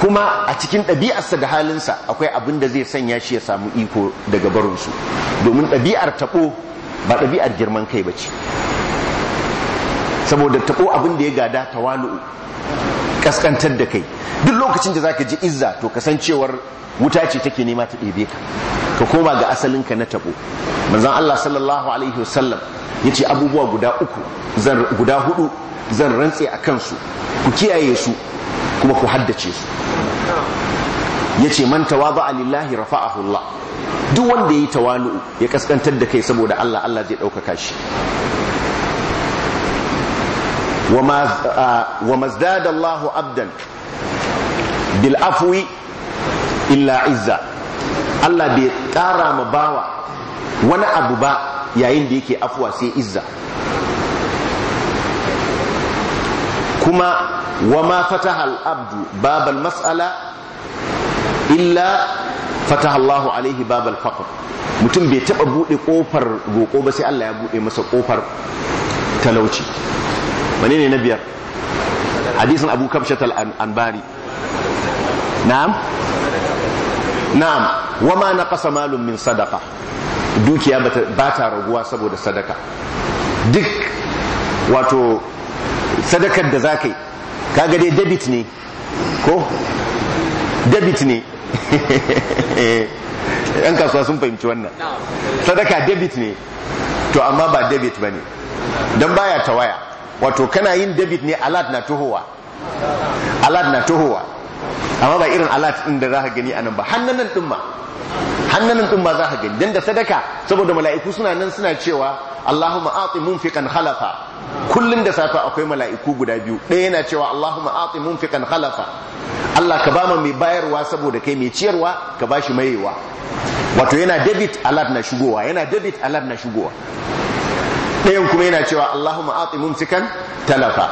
kuma a cikin ɗabi'arsa da halinsa akwai abin da zai sanya shi ya samu iko daga barinsu domin ɗabi'ar taɓo ba ɗabi'ar girman kai ba ce saboda taɓo abin da ya gada walu kaskantar da kai duk lokacin da zaka ji izza to kasancewar wuta ce take nema ta ɗebe ka ka koma ga asalin ka na tabo manzon Allah sallallahu alaihi wasallam yace abubuwa guda uku guda hudu zan rantse a kansu ku kiyaye su kuma ku haddace su yace man Alillahi lillahi a Allah duk wanda yayi tawalu ya kaskantar da kai saboda Allah Allah zai ɗaukaka shi wa mazdada Allahu bil afwi illa izza Allah bai ƙara ma bawa wani abu ba yayin da yake afuwa sai izza kuma wa ma fataha al-abdu babal mas'ala illa fataha Allahu alaihi babal faqr mutum bai taba bude kofar roƙo ba sai Allah ya bude masa kofar talauci wane ne na biyar hadisun abu kabshat al-anbari na'am na'am wa ma kasa malum min sadaka dukiya ba ta raguwa saboda sadaka duk wato sadakar da za zakai ka gade debit ne ko debit ne yan kasuwa sun fahimci wannan sadaka debit ne to amma ba debit ba ne don baya ta waya wato kana yin david ne alat na tohowa alat na tohowa amma ba irin alat din da za ka gani anan ba hannanan din ma hannanan din ma za ka gani dan da sadaka saboda mala'iku suna nan suna cewa Allahumma ati munfiqan khalafa kullum da safe akwai mala'iku guda biyu ɗaya yana cewa Allahumma ati munfiqan khalafa Allah ka bama mai bayarwa saboda kai mai ciyarwa ka ba bashi mayewa wato yana david alad na shigowa yana david alad na shigowa ɗayan kuma yana cewa Allahumma ati mumsikan talafa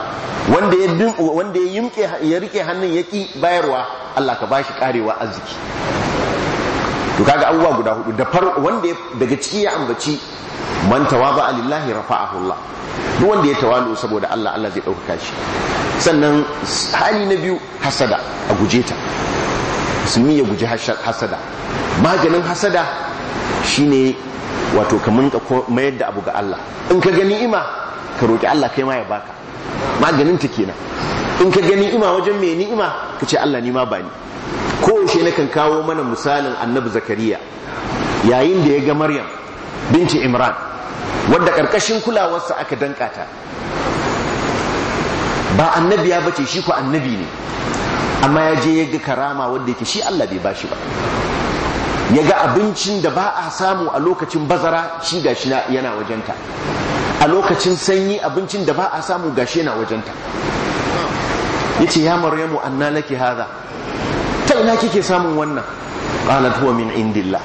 wanda ya wanda ya yimke ya rike hannun yaki bayarwa Allah ka bashi karewa arziki to kaga abubuwa guda hudu da far wanda daga ciki ya ambaci man tawaba lillahi rafa'ahu Allah duk wanda ya tawalu saboda Allah Allah zai dauka shi sannan hali na biyu hasada a guje ta musulmi ya guji hasada maganin hasada shine wato ka munka mayar da abu ga Allah in ka gani ima ka roki Allah kai ma ya baka maganin ta kenan in ka gani ima wajen mai ni'ima ka ce Allah ni ma ba ni koyaushe na kan kawo mana misalin annabi zakariya yayin da ya ga maryam binti imran wadda karkashin kulawarsa aka danka ta ba annabi ya bace shi ko annabi ne amma ya je ya ga karama wadda yake shi Allah bai bashi ba ya ga abincin da ba a samu a lokacin bazara shi ga shi yana wajenta a lokacin sanyi abincin da ba a samu gashi yana wajenta ya ce ya maryamu anna laki haza ta ina kike samun wannan qalat huwa min indillah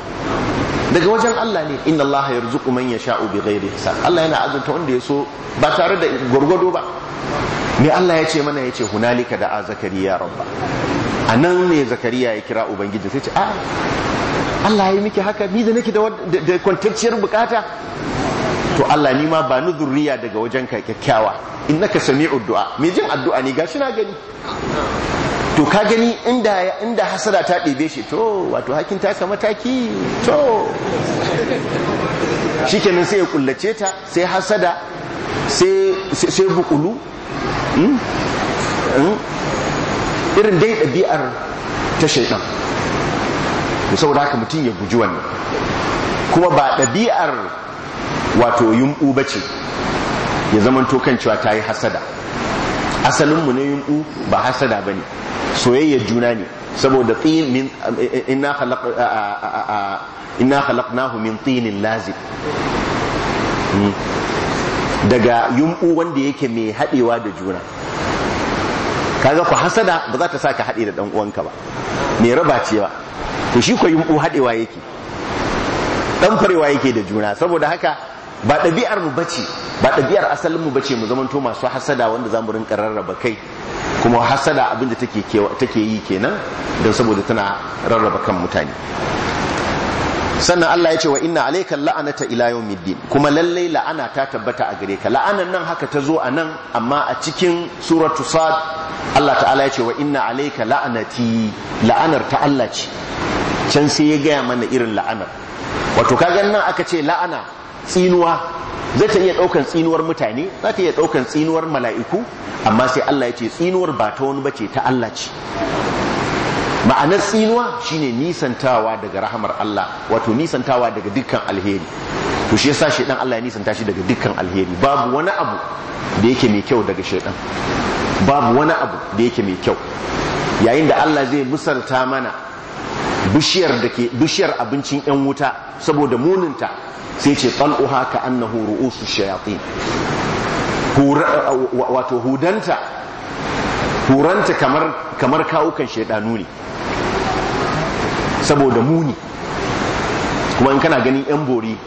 daga wajen Allah ne inna Allah yarzuqu man yasha'u bighairi hisab Allah yana azurta wanda so ba tare da gurgudo ba me Allah ya ce mana ya ce hunalika da zakariya rabba anan ne zakariya ya kira ubangiji sai ce a Allah ya yi miki haka ni da nake da kwantacciyar bukata to Allah ni ma ba ni zurriya daga wajen ka kyakkyawa innaka sami'u du'a me jin addu'a ne gashi na gani to ka gani inda inda hasada ta ɗebe shi to wato hakin ta sa mataki to shikenan sai ya kullace ta sai hasada sai sai bukulu hmm? Hmm? irin dai ɗabi'ar ta shaitan to saboda haka mutum ya guji wannan kuma ba ɗabi'ar wato yumɓu ba ce ya zamanto tokan cewa ta yi hasada asalinmu na yumɓu ba hasada ba ne soyayya juna ne saboda inna khalaqnahu min tsinin lazi. Hmm. daga yumɓu wanda yake mai haɗewa da juna kaga ku hasada ba za ta sa ka haɗe da ɗan uwanka ba mai raba ce ba to shi ko yin yake dan farewa yake da juna saboda haka ba ɗabi'ar mu bace ba ɗabi'ar asalin mu bace mu zamanto masu hasada wanda za mu rinka rarraba kai kuma hasada abin da take take yi kenan don saboda tana rarraba kan mutane sannan Allah ya ce wa inna alayka la'anata ila yawmiddin kuma lallai la'ana ta tabbata a gare ka la'anan nan haka ta zo a nan amma a cikin suratu sad Allah ta'ala ya ce wa inna alayka la'anati la'anar ta Allah ce can sai ya gaya mana irin la'anar wato kaga nan aka ce la'ana tsinuwa zai ta iya ɗaukan tsinuwar mutane za ta iya ɗaukan tsinuwar mala'iku amma sai Allah ya ce tsinuwar ba ta wani bace ta Allah ce ma'anar tsinuwa shine nisantawa daga rahamar Allah wato nisantawa daga dukkan alheri to shi yasa shedan Allah ya nisanta shi daga dukkan alheri babu wani abu da yake mai kyau daga shedan babu wani abu da yake mai kyau yayin da Allah zai musalta mana bishiyar da ke bishiyar abincin yan wuta saboda muninta sai ce qal'uha ka annahu ru'usu shayatin wato hudanta huranta kamar kamar kawukan shedanu ne saboda muni kuma in kana ganin yan bori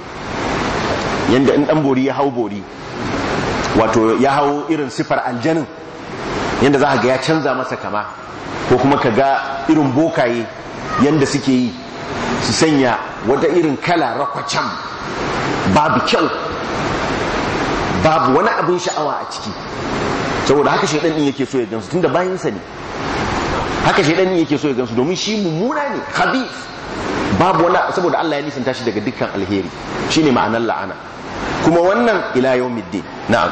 yadda in dan bori ya hau bori wato ya hau irin sifar aljanin yadda za ga ya canza masa kama ko kuma ka ga irin bokaye yadda suke yi su sanya wata irin kala rakwacam babu kyau babu wani abin sha'awa a ciki saboda haka shaidan din yake so ya gansu da bayansa ne haka shaidan ne yake so ya gansu domin shi mummuna ne khabith babu wani saboda Allah ya nisanta shi daga dukkan alheri shine ma'anar la'ana kuma wannan ila yawmiddin na'am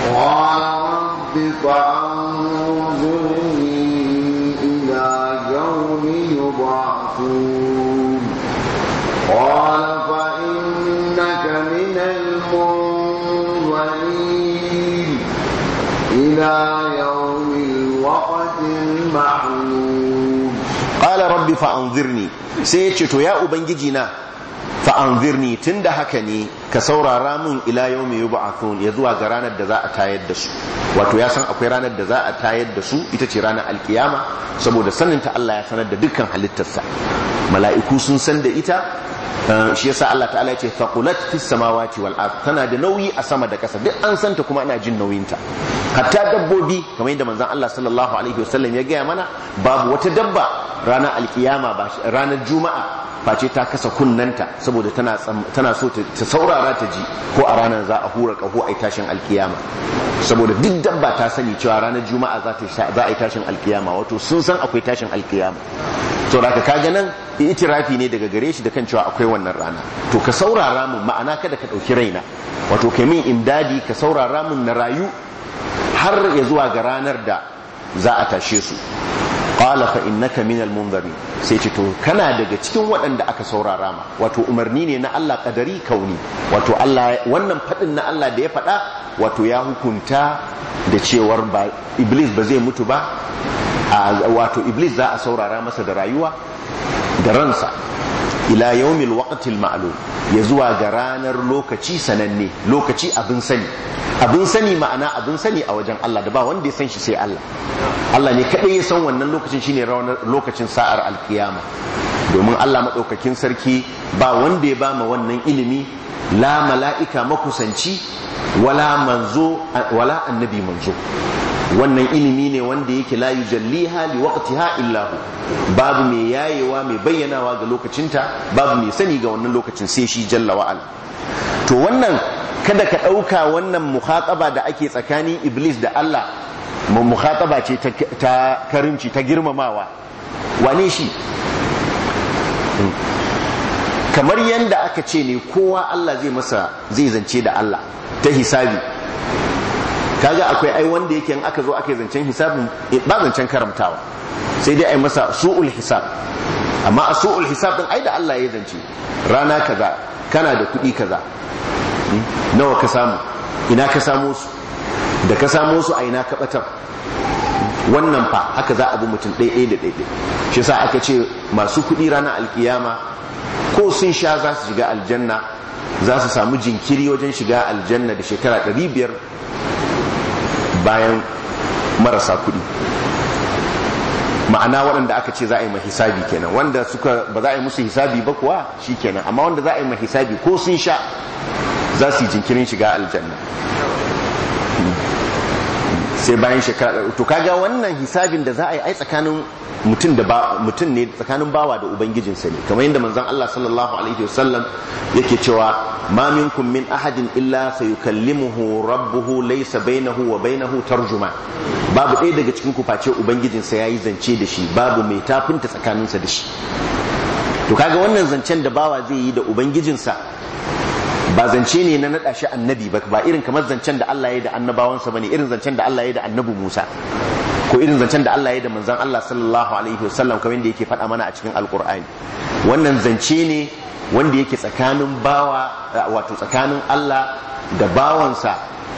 رب فانظرني إلى يوم يبعثون قال فإنك من المنظرين إلى Ƙala qala rabbi fa'anzirni sai ya ce to ya ubangiji na fa'anzirni tunda haka ne ka saurara min ila yawmi yub'athun ya zuwa ga ranar da za a tayar da su wato ya san akwai ranar da za a tayar da su ita ce ranar alkiyama saboda sanin ta Allah ya sanar da dukkan halittarsa mala'iku sun san da ita Eh, shi yasa Allah ta'ala ce faqulat fis samawati wal ard tana da nauyi a sama da ƙasa duk an santa kuma ana jin nauyin ta hatta dabbobi kamar yadda manzon Allah sallallahu alaihi wasallam ya gaya mana babu wata dabba ranar alkiyama ranar juma'a face ta kasa kunnanta saboda tana so ta saurara ta ji ko a ranar za a hura kaho a tashin alkiyama saboda duk dabba ta sani cewa ranar juma'a za a yi tashin alkiyama wato sun san akwai tashin alkiyama to da ka kaga nan itirafi ne daga gare shi da kan cewa akwai wannan rana to ka saurara mun ma'ana kada ka ɗauki raina wato kai min imdadi ka saurara mun na rayu har ya zuwa ga ranar da za a tashe su qala fa innaka minal munzari sai ce to kana daga cikin waɗanda aka saurara ma wato umarni ne na Allah kadari kauni wato Allah wannan fadin na Allah da ya fada wato ya hukunta da cewar ba iblis ba zai mutu ba wato iblis za a saurara masa da rayuwa da ransa ila yaumil waqtil ma'lum ya zuwa ga ranar lokaci sananne lokaci abin sani abin sani ma'ana abin sani a wajen Allah da ba wanda ya san shi sai Allah Allah ne kadai ya san wannan lokacin shine ranar lokacin sa'ar alkiyama domin Allah madaukakin sarki ba wanda ya bama wannan ilimi la mala'ika makusanci wala manzo wala annabi manzo wannan ilimi ne wanda yake layu-jalli li waqtiha illa hu babu mai yayewa mai bayyanawa ga lokacinta babu mai sani ga wannan lokacin sai shi jalla wa'ala to wannan kada ka ɗauka wannan muhataba da ake tsakanin iblis da Allah mu muhataba ce ta karimci ta girmamawa wane shi kamar yadda aka ce ne kowa Allah zai masa zai zance da Allah ta hisabi kaga akwai ai wanda yake in aka zo aka zancen hisabin eh, ba zancen karamtawa sai dai ai masa su'ul hisab amma a su'ul hisab din ai da Allah ya zance rana kaza kana da kuɗi kaza hmm? nawa ka samu ina ka samu su da ka samu su a ina ka batar wannan fa haka za a bi mutum ɗaiɗai da ɗaiɗai shi sa aka ce masu kuɗi ranar alkiyama ko sun sha za su shiga aljanna za su samu jinkiri wajen shiga aljanna da shekara ɗari biyar. bayan marasa kuɗi ma'ana waɗanda aka ce za a yi hisabi kenan wanda suka ba za a yi musu hisabi ba kuwa shi kenan amma wanda za a yi hisabi ko sun sha za su yi jinkirin shiga aljanna sai bayan shekara to kaga wannan hisabin da za a yi ai tsakanin mutum da mutum ne tsakanin bawa da ubangijinsa ne kamar yadda manzon Allah sallallahu alaihi wasallam yake cewa Mamin minkum min ahadin illa sayukallimuhu rabbuhu laysa bainahu wa bainahu tarjuma babu ɗaya daga cikin ku face ubangijinsa yayi zance da shi babu mai tafinta tsakaninsa da shi to kaga wannan zancen da bawa zai yi da ubangijinsa ba zance ne na naɗa shi annabi ba ba irin kamar zancen da Allah ya yi da annabawansa bane irin zancen da Allah ya yi da annabi Musa ko irin zancen da Allah ya yi da manzon Allah sallallahu alaihi wasallam kamar yadda yake faɗa mana a cikin alkur'ani wannan zance ne wanda yake tsakanin bawa wato tsakanin Allah da bawansa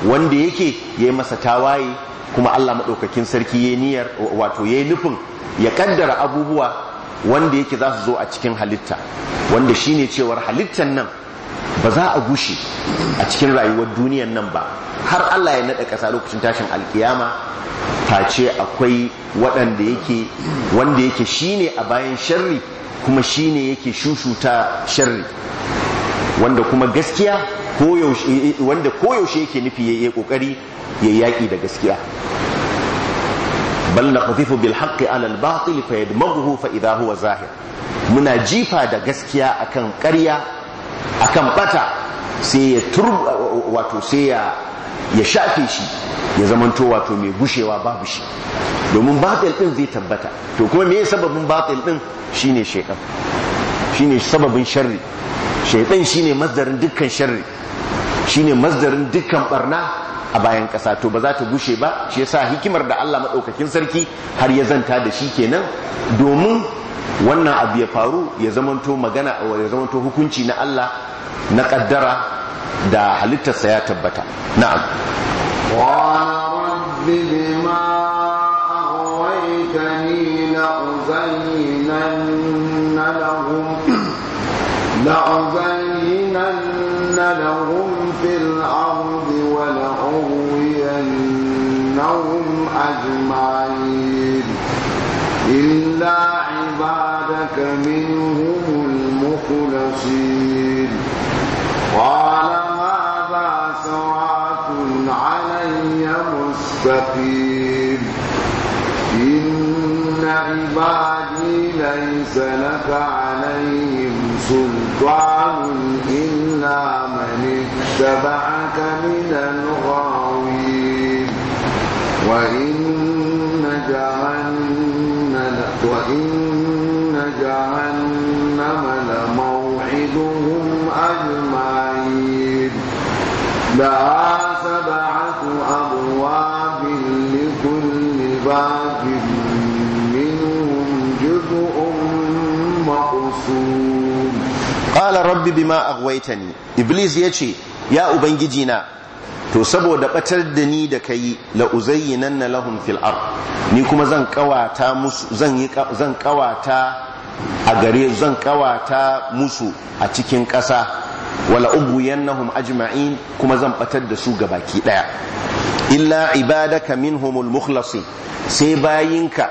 wanda yake ya yi masa tawaye kuma Allah maɗaukakin sarki ya niyyar wato ya yi nufin ya kaddara abubuwa wanda yake za su zo a cikin halitta wanda shine cewar halittan nan ba za a gushe a cikin rayuwar duniyan nan ba har Allah ya naɗa ƙasa lokacin tashin alkiyama ce akwai waɗanda yake wanda yake shine a bayan sharri kuma shine yake shushuta sharri wanda kuma gaskiya wanda koyaushe yake nufi ya yi ƙoƙari ya yaƙi da gaskiya bal kafifu bil haƙƙi alal al batil fayadmaghuhu fa idha huwa zahir muna jifa da gaskiya akan ƙarya akan bata sai ya wato sai ya ya shafe shi ya zamanto wato mai gushewa babu shi domin batil din zai tabbata to kuma me sababin batil din shine shaytan shine sababin sharri shaytan shine mazdarin dukkan sharri shine mazdarin dukkan barna a bayan kasa to ba za ta gushe ba shi yasa hikimar da Allah maɗaukakin sarki har ya zanta da shi kenan domin wannan abu ya faru ya zamanto magana ya zamanto hukunci na Allah na kaddara da halittarsa ya tabbata na'am لأزينن لهم إلا بعدك منهم المخلصين قال هذا صراط علي مستقيم إن عبادي ليس لك عليهم سلطان إلا من اتبعك من الغاوين وإن جهنم وإن جهنم لموعدهم أجمعين لها سبعة أبواب لكل باب منهم جزء مقسوم قال رب بما أغويتني إبليس يتشي يا أبنجينا to saboda batar da ni da kai la uzayyinanna lahum fil ard ni kuma zan kawata musu zan yi zan kawata a gare zan kawata musu a cikin ƙasa wala ubuyannahum ajma'in kuma zan batar da su gabaki daya illa ibadaka minhumul mukhlasin sai bayinka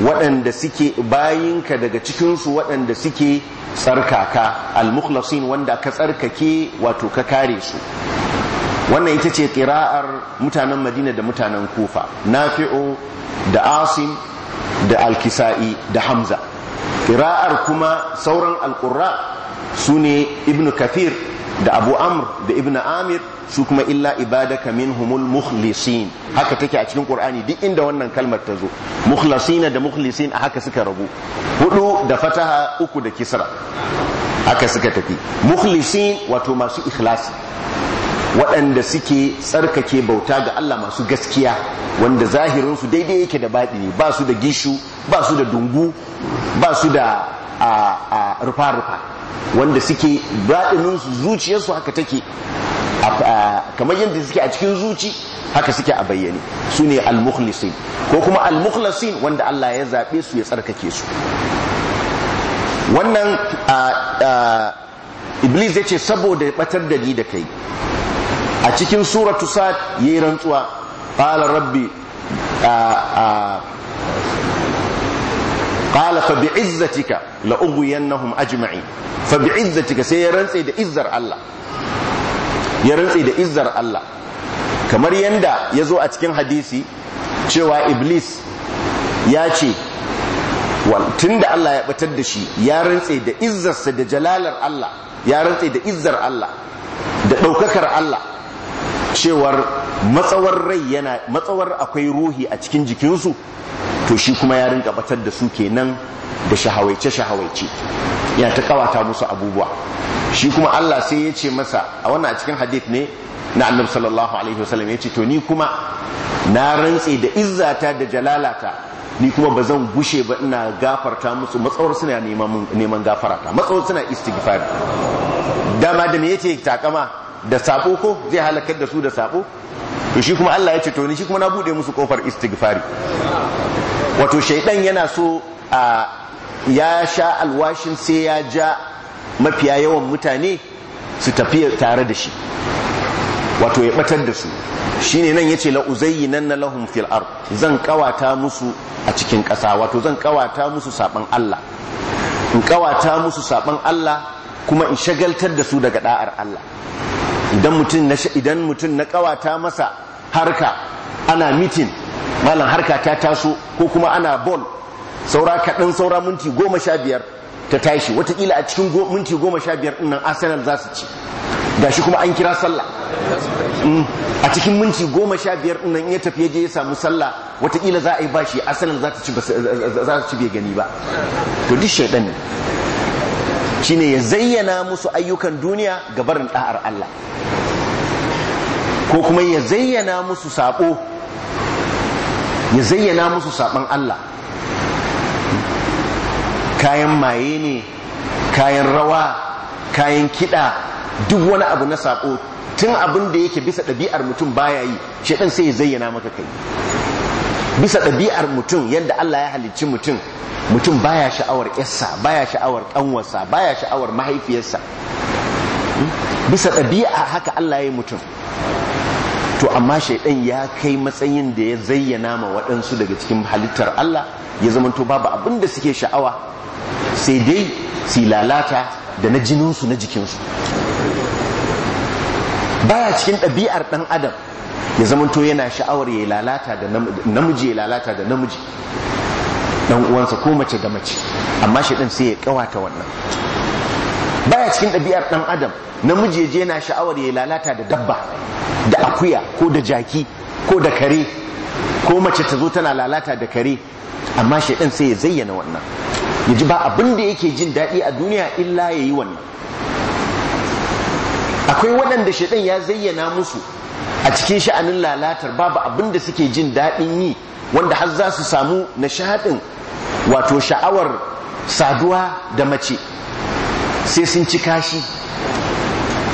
waɗanda suke bayinka daga cikinsu waɗanda suke tsarkaka al-mukhlasin wanda ka tsarkake wato ka kare su wannan ita ce ƙira'ar mutanen madina da mutanen kufa nafi'u da asim da alkisa'i da hamza kira'ar kuma sauran alƙura su ne ibn kafir da abu amr da ibn amir su kuma illa ibada ibadaka minhumul mukhlisin haka take a cikin qur'ani duk inda wannan kalmar ta zo da mukhlisin a haka suka rabu hudu da fataha uku da kisra haka suka tafi mukhlisin wato masu ikhlasi waɗanda suke tsarkake bauta ga Allah masu gaskiya wanda zahirinsu daidai yake da baɗi ba su da gishu ba su da dungu ba su da rufa-rufa wanda suke baɗininsu zuciyarsu haka take kamar yadda suke a cikin zuci haka suke a bayyane su ne al ko kuma al wanda Allah ya zaɓe su ya tsarkake su wannan iblis ya ce saboda batar da ni da kai a cikin suratu sa'ad yayi rantsuwa qala rabbi qala fa bi'izzatika la ughwiyannahum ajma'in fa bi'izzatika sai ya rantse da izzar Allah ya rantse da izzar Allah kamar yanda yazo a cikin hadisi cewa iblis ya ce tun da Allah ya batar da shi ya rantse da izzarsa da jalalar Allah ya rantse da izzar Allah da ɗaukakar Allah cewar matsawar rai yana matsawar akwai ruhi a cikin jikinsu to shi kuma ya rinka batar da su kenan da shahawaice shahawaice Ya ta kawata musu abubuwa shi kuma Allah sai ya ce masa a wannan a cikin hadith ne na annabi sallallahu alaihi wasallam ya ce to ni kuma na rantse da izzata da jalalata ni kuma ba zan gushe ba ina gafarta musu matsawar suna neman gafarata matsawar suna istighfar dama da me yake takama da sabo ko zai halakar da su da sabo to shi kuma Allah ya ce to ni shi kuma na bude musu kofar istighfari wato shaidan yana so a ya sha alwashin sai ya ja mafiya yawan mutane su tafi tare da shi wato ya batar da su shine nan yace la uzayyinanna lahum fil ard zan kawata musu a cikin ƙasa wato zan kawata musu saban Allah in kawata musu saban Allah kuma in shagaltar da su daga da'ar Allah idan mutum na idan mutum na kawata masa harka ana mitin malam harka ta taso ko kuma ana bon saura kaɗan saura minti goma sha biyar ta tashi watakila a cikin minti goma sha biyar nan arsenal za su ci gashi kuma an kira sallah mm. a cikin minti goma sha biyar nan ya tafi je ya samu sallah watakila za a yi bashi arsenal za ta ci bai gani ba to duk shaidan ne shine ya zayyana musu ayyukan duniya ga barin da'ar Allah ko kuma ya zayyana musu sabo ya zayyana musu saban Allah kayan maye ne kayan rawa kayan kiɗa duk wani abu na sabo tun abin da yake bisa ɗabi'ar mutum baya yi shedan sai ya zayyana maka kai bisa ɗabi'ar mutum yadda Allah ya halicci mutum mutum baya sha'awar yarsa baya sha'awar ƙanwarsa baya sha'awar mahaifiyarsa hmm? bisa ɗabi'a haka Allah ya yi mutum to amma shaidan ya kai matsayin da ya zayyana ma waɗansu daga cikin halittar Allah ya zama to babu abin da suke sha'awa sai dai su lalata da na jininsu na jikinsu baya cikin ɗabi'ar ɗan adam ya zamanto yana sha'awar ya lalata da namiji ya lalata da namiji dan uwansa ko mace da mace amma shi ɗan sai ya kawata wannan baya cikin ɗabi'ar ɗan adam namiji ya je yana sha'awar ya lalata da dabba da akuya ko da jaki ko da kare ko mace ta zo tana lalata da kare amma shi ɗan sai ya zayyana wannan ya ji ba abin da yake jin daɗi a duniya illa ya yi wannan akwai waɗanda shaɗan ya zayyana musu a cikin sha'anin lalatar babu abin da suke jin daɗin yi wanda har za su samu nishaɗin wato sha'awar saduwa da mace sai sun ci kashi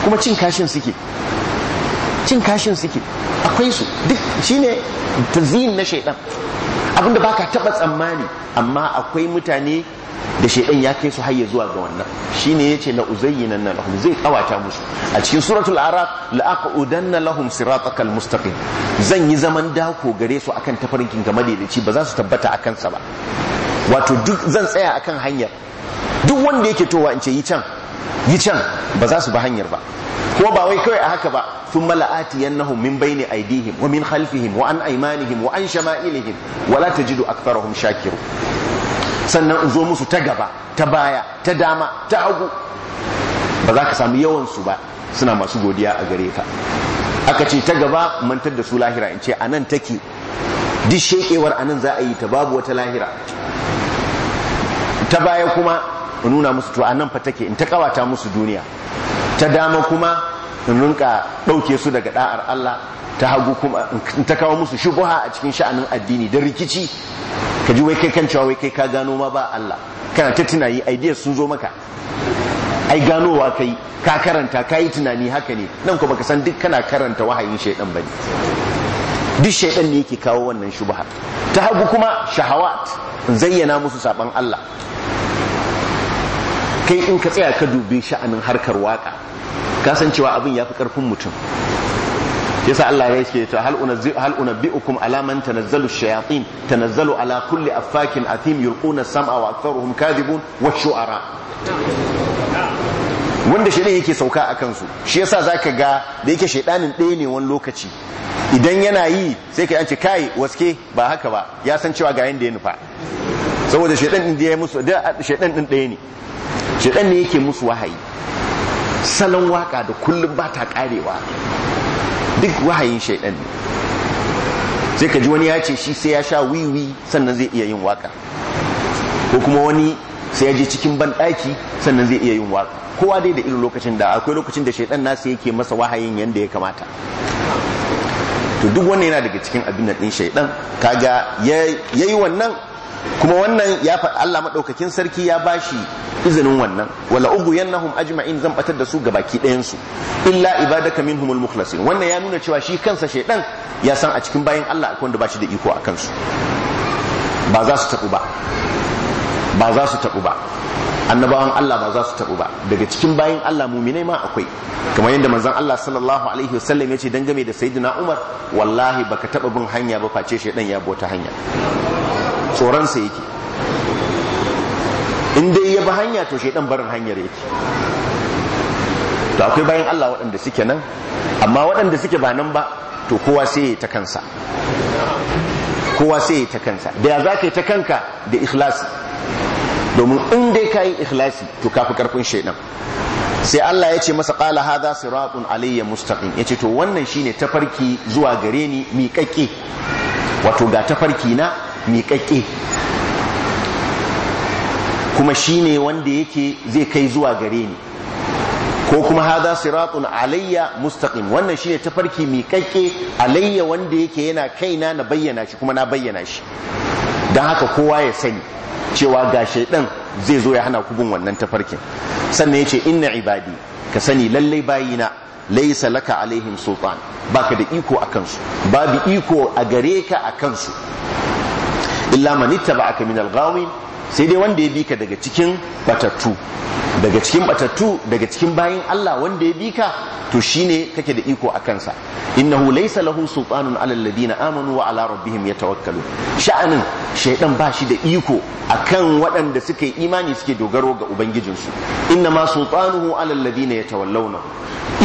kuma cin kashin suke cin kashin suke akwai su duk shine tazyin na shaidan abinda baka taba tsammani amma akwai mutane da shaidan ya kai su hayya zuwa ga wannan shine yace la uzayyinan lahum zai kawata musu a cikin suratul araf la aqudanna lahum siratakal mustaqim zan yi zaman dako gare su akan tafarkin game da ba za su tabbata akan sa ba wato duk zan tsaya akan hanyar duk wanda yake towa in ce yi can yi can ba za su ba hanyar ba Ko ba wai kawai a haka ba sun mala'ati yannahu min ne aidihim wa min khalfihim wa an aimanihim wa an shama'ilihim wala tajidu aktharahum shakiru sannan in zo musu ta gaba ta baya ta dama ta hagu ba za ka samu yawan su ba suna masu godiya a gare ka aka ce ta gaba mantar da su lahira in ce anan take duk shekewar anan za a yi ta babu wata lahira ta baya kuma nuna musu to anan fa take in ta kawata musu duniya ta dama kuma in rinka ɗauke su daga ɗa'ar Allah ta hagu kuma in ta kawo musu shubuha a cikin sha'anin addini da rikici ka ji wai kai kan cewa wai kai ka gano ma ba Allah kana ta tunani ideas sun zo maka ai ganowa kai ka karanta ka yi tunani haka ne nan kuma ka san duk kana karanta wahayin shaidan bane duk shaidan ne yake kawo wannan shubha ta hagu kuma shahawat zayyana musu saban Allah kai in ka tsaya ka dubi sha'anin harkar waka kasancewa abin ya fi karfin mutum yasa Allah ya ce ta hal unazzi hal unabbiukum ala man tanazzalu shayatin tanazzalu ala kulli affakin athim yulquna sam'a wa aktharuhum kadhibun wa shu'ara wanda shaidan yake sauka a kansu shi yasa zaka ga da yake shaidanin ɗaya ne wani lokaci idan yana yi sai ka yance kai waske ba haka ba ya san cewa ga yanda ya nufa saboda shaidan din da ɗaya ne shaidan ne yake musu wahayi salon waka da kullum ba ta karewa duk wahayin shaidan ne sai ka ji wani ya ce shi sai ya sha wiwi sannan zai iya yin waka ko kuma wani sai ya je cikin banɗaki sannan zai iya yin waka kowa dai da irin lokacin da akwai lokacin da shaidan nasu yake masa wahayin yadda ya kamata to duk wannan yana daga cikin abin da ɗin shaidan kaga ya yi wannan kuma wannan ya faɗi Allah maɗaukakin sarki ya bashi izinin wannan wala ugu yannahum ajima'in zan batar da su ga baki ɗayan su illa ibadaka minhumul mukhlasin wannan ya nuna cewa shi kansa shaidan ya san a cikin bayan Allah akwai wanda ba da iko a kansu ba za su taɓu ba annabawan Allah ba za su taɓu ba daga cikin bayan Allah muminai ma akwai kamar yadda manzon Allah sallallahu alaihi wasallam ya ce dangane da sayyidina Umar wallahi baka taɓa bin hanya ba face shaidan ya bota hanya tsoronsa yake inda dai ya bi hanya to shaidan barin hanyar yake to akwai bayan Allah waɗanda suke nan amma waɗanda suke ba nan ba to kowa sai ya ta kansa kowa sai ya ta kansa da ya za ka yi ta kanka da ikhlasi domin in dai ka yi ikhlasi to kafi karfin shaidan sai Allah ya ce masa ƙala ha su raƙun siratun alayya ya ce to wannan shine tafarki zuwa gare ni miƙaƙe wato ga tafarki na miƙaƙƙe kuma shi ne wanda yake zai kai zuwa gare ni ko kuma haza siratun alayya mustaqim wannan shi shine tafarki miƙaƙƙe alayya wanda yake yana kaina na bayyana shi kuma na bayyana shi don haka kowa ya sani cewa ga shaidan zai zo ya hana ku bin wannan tafarkin sannan ya ce inna ibadi ka sani lallai bayina laisa laka alaihim sultan baka da iko a kansu babu iko a gare ka a kansu illa man ittaba'aka min al-ghawin sai dai wanda ya bika daga cikin batattu daga cikin batattu daga cikin bayin Allah wanda ya bika to shine kake da iko akan sa innahu laysa lahu sultanun ala alladhina amanu wa ala rabbihim yatawakkalun sha'anin shaytan ba shi da iko akan waɗanda suka yi imani suke dogaro ga ubangijinsu inna ma sultanuhu ala alladhina yatawallawna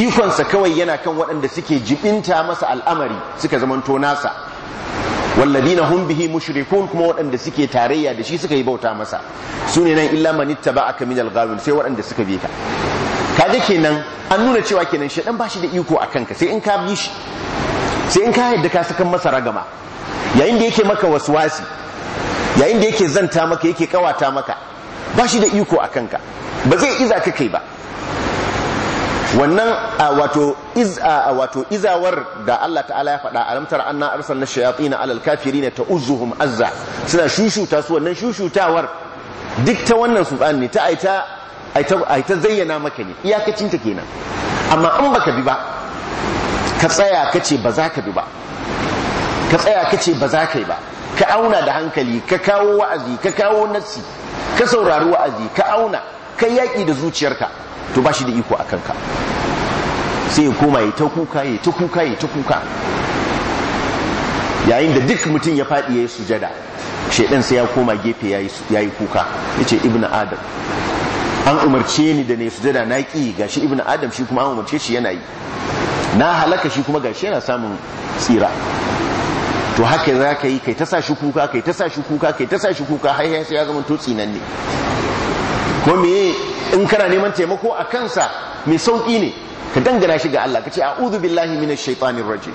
ikon sa kawai yana kan waɗanda suke jibinta masa al'amari suka zamanto nasa wallabi na hum bihi ko kuma waɗanda suke tarayya da shi suka yi bauta masa su ne nan illa man ittaba'aka a al-ghawin sai waɗanda suka bi ka kaje kenan an nuna cewa kenan shedan bashi da iko akan ka sai in ka bi shi sai in ka yadda ka sakan masa ragama yayin da yake maka waswasi yayin da yake zanta maka yake kawata maka bashi da iko akan ka ba zai iza ka kai ba wannan wato wato izawar da Allah ta'ala ya faɗa alamtar anna na shayatin alal ta ta'uzuhum azza suna shushuta su wannan shushutawar duk ta wannan su ne ta aita zayyana maka ne iyakacin ta kenan amma in baka bi ba ka tsaya kace ba za ka bi ba ka tsaya kace ba za ka yi ba ka auna da hankali ka kawo wa'azi ka kawo nassi ka saurari wa'azi ka auna ka yaki da zuciyarka to ba shi da iko a kanka sai ya koma ya ta kuka ya ta kuka ya ta kuka yayin da duk mutum ya faɗi ya yi sujada shaidan sai ya koma gefe ya yi kuka ya ce ibn adam an umarce ni da ne sujada na ƙi ga shi ibn adam shi kuma an umarce shi yana yi na halaka shi kuma ga shi yana samun tsira to haka za ka yi kai ta sa shi kuka kai ta sa shi kuka kai ta sa shi kuka har sai ya zama to tsinanne ne ko me. in kana neman taimako a kansa mai sauƙi ne ka dangana shi ga Allah ka ce a'udhu billahi minash shaitanir rajim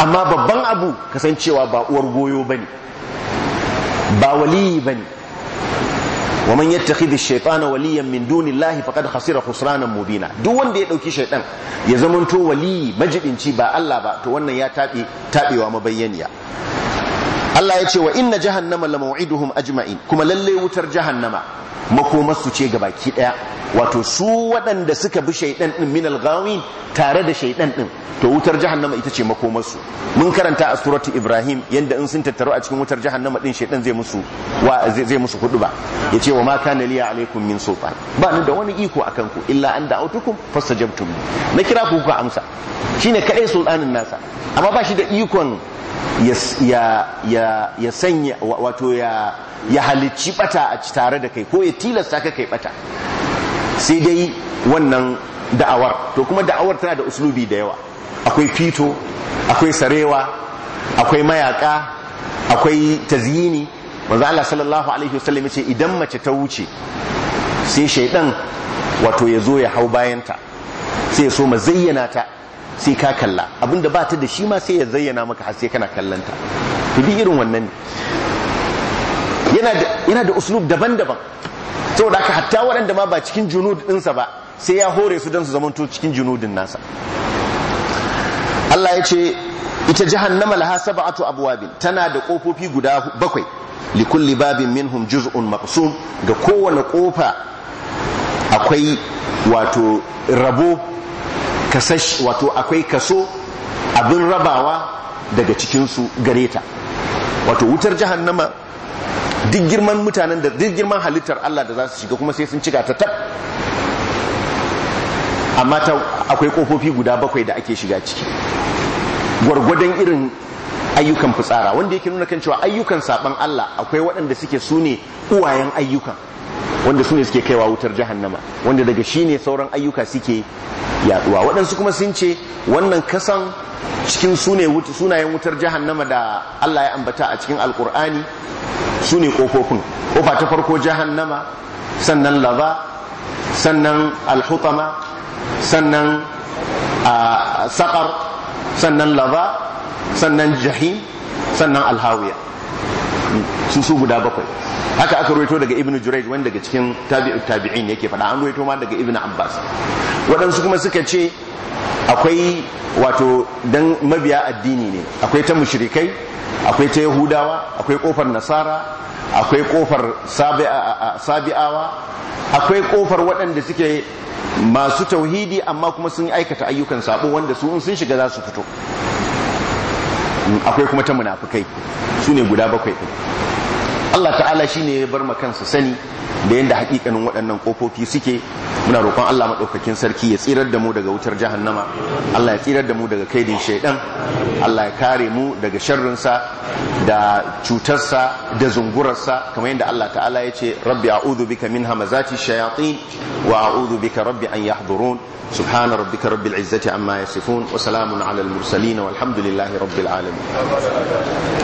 amma babban abu kasancewa ba uwar goyo bane ba waliyi bane wa man yattakhidhi ash-shaytana waliyan min dunillahi faqad khasira khusranan mubina duk wanda ya dauki shaytan ya zamanto waliyi majibinci ba Allah ba to wannan ya tabe tabewa mabayyaniya Allah ya ce wa inna jahannama la ajma'in kuma lalle wutar jahannama makomarsu ce ga baki ɗaya wato su waɗanda suka bi shaidan ɗin minal gawin tare da shaidan ɗin to wutar jahannama ita ce makomarsu mun karanta a suratu ibrahim yanda in sun tattaru a cikin wutar jahannama ɗin shaidan zai musu wa zai musu hudu ba ya ce wa ma kana liya alaikum min sultan ba ni da wani iko akan ku illa an da'autukum fastajabtum na kira ku ku amsa shine kadai sultanin nasa amma ba shi da ikon ya ya ya sanya wato ya ya halicci bata a ci tare da kai ko ya tilasta ka kai bata sai dai wannan da'awar to kuma da'awar tana da uslubi da yawa akwai fito akwai sarewa akwai mayaka akwai tazyini manzo Allah sallallahu alaihi wasallam yace idan mace ta wuce sai shaidan wato ya zo ya hau bayanta sai ya so ma zayyana ta sai ka kalla abinda ba ta da shi ma sai ya zayyana maka har sai kana kallanta to irin wannan yana da uslub daban-daban saboda aka hatta waɗanda ma ba cikin junudinsa ba sai ya hore su don su zamanto cikin junudin nasa Allah ya ce ita jahannama to sab'atu abwabin tana da kofofi guda bakwai libabin min minhum juz'un maqsum ga kowane ƙofa akwai wato rabo kasash wato akwai kaso abin rabawa daga cikinsu gare gareta wato wutar jahannama duk girman mutanen da duk girman halittar Allah da za su shiga kuma sai sun cika ta tab amma ta akwai kofofi guda bakwai da ake shiga ciki gwargwadon irin ayyukan fitsara wanda yake nuna kan cewa ayyukan saban Allah akwai waɗanda suke su ne uwayen ayyukan wanda su ne suke kaiwa wutar jahannama wanda daga shi ne sauran ayyuka suke yaduwa waɗansu kuma sun ce wannan kasan cikin sunayen wutar jahannama da Allah ya ambata a cikin alkur'ani su ne ƙofofin ƙofa ta farko jahannama sannan laba sannan alhutama sannan saƙar sannan laba sannan jahim sannan alhawiya su su guda bakwai haka aka ruwaito daga ibnu jurayj wanda daga cikin tabi'in yake faɗa an ruwaito ma daga ibnu abbas waɗansu kuma suka ce akwai wato dan mabiya addini ne akwai ta mushrikai akwai ta yahudawa akwai kofar nasara akwai kofar sabi'awa akwai kofar waɗanda suke masu tauhidi amma kuma sun aikata ayyukan sabo wanda su in sun shiga za su fito akwai kuma ta munafukai su ne guda bakwai Allah ta'ala shi ya bar kansa sani da yadda hakikanin waɗannan kofofi suke muna roƙon Allah maɗaukakin sarki ya tsirar da mu daga wutar jahannama Allah ya tsirar da mu daga kaidin shaidan Allah ya kare mu daga sharrinsa da cutarsa da zungurarsa kamar yadda Allah ta'ala ya ce rabbi a'udhu bika min hamazati shayatin wa a'udhu bika rabbi an yahdurun subhana rabbika rabbil izzati amma yasifun wa salamun alal mursalin walhamdulillahi rabbil alamin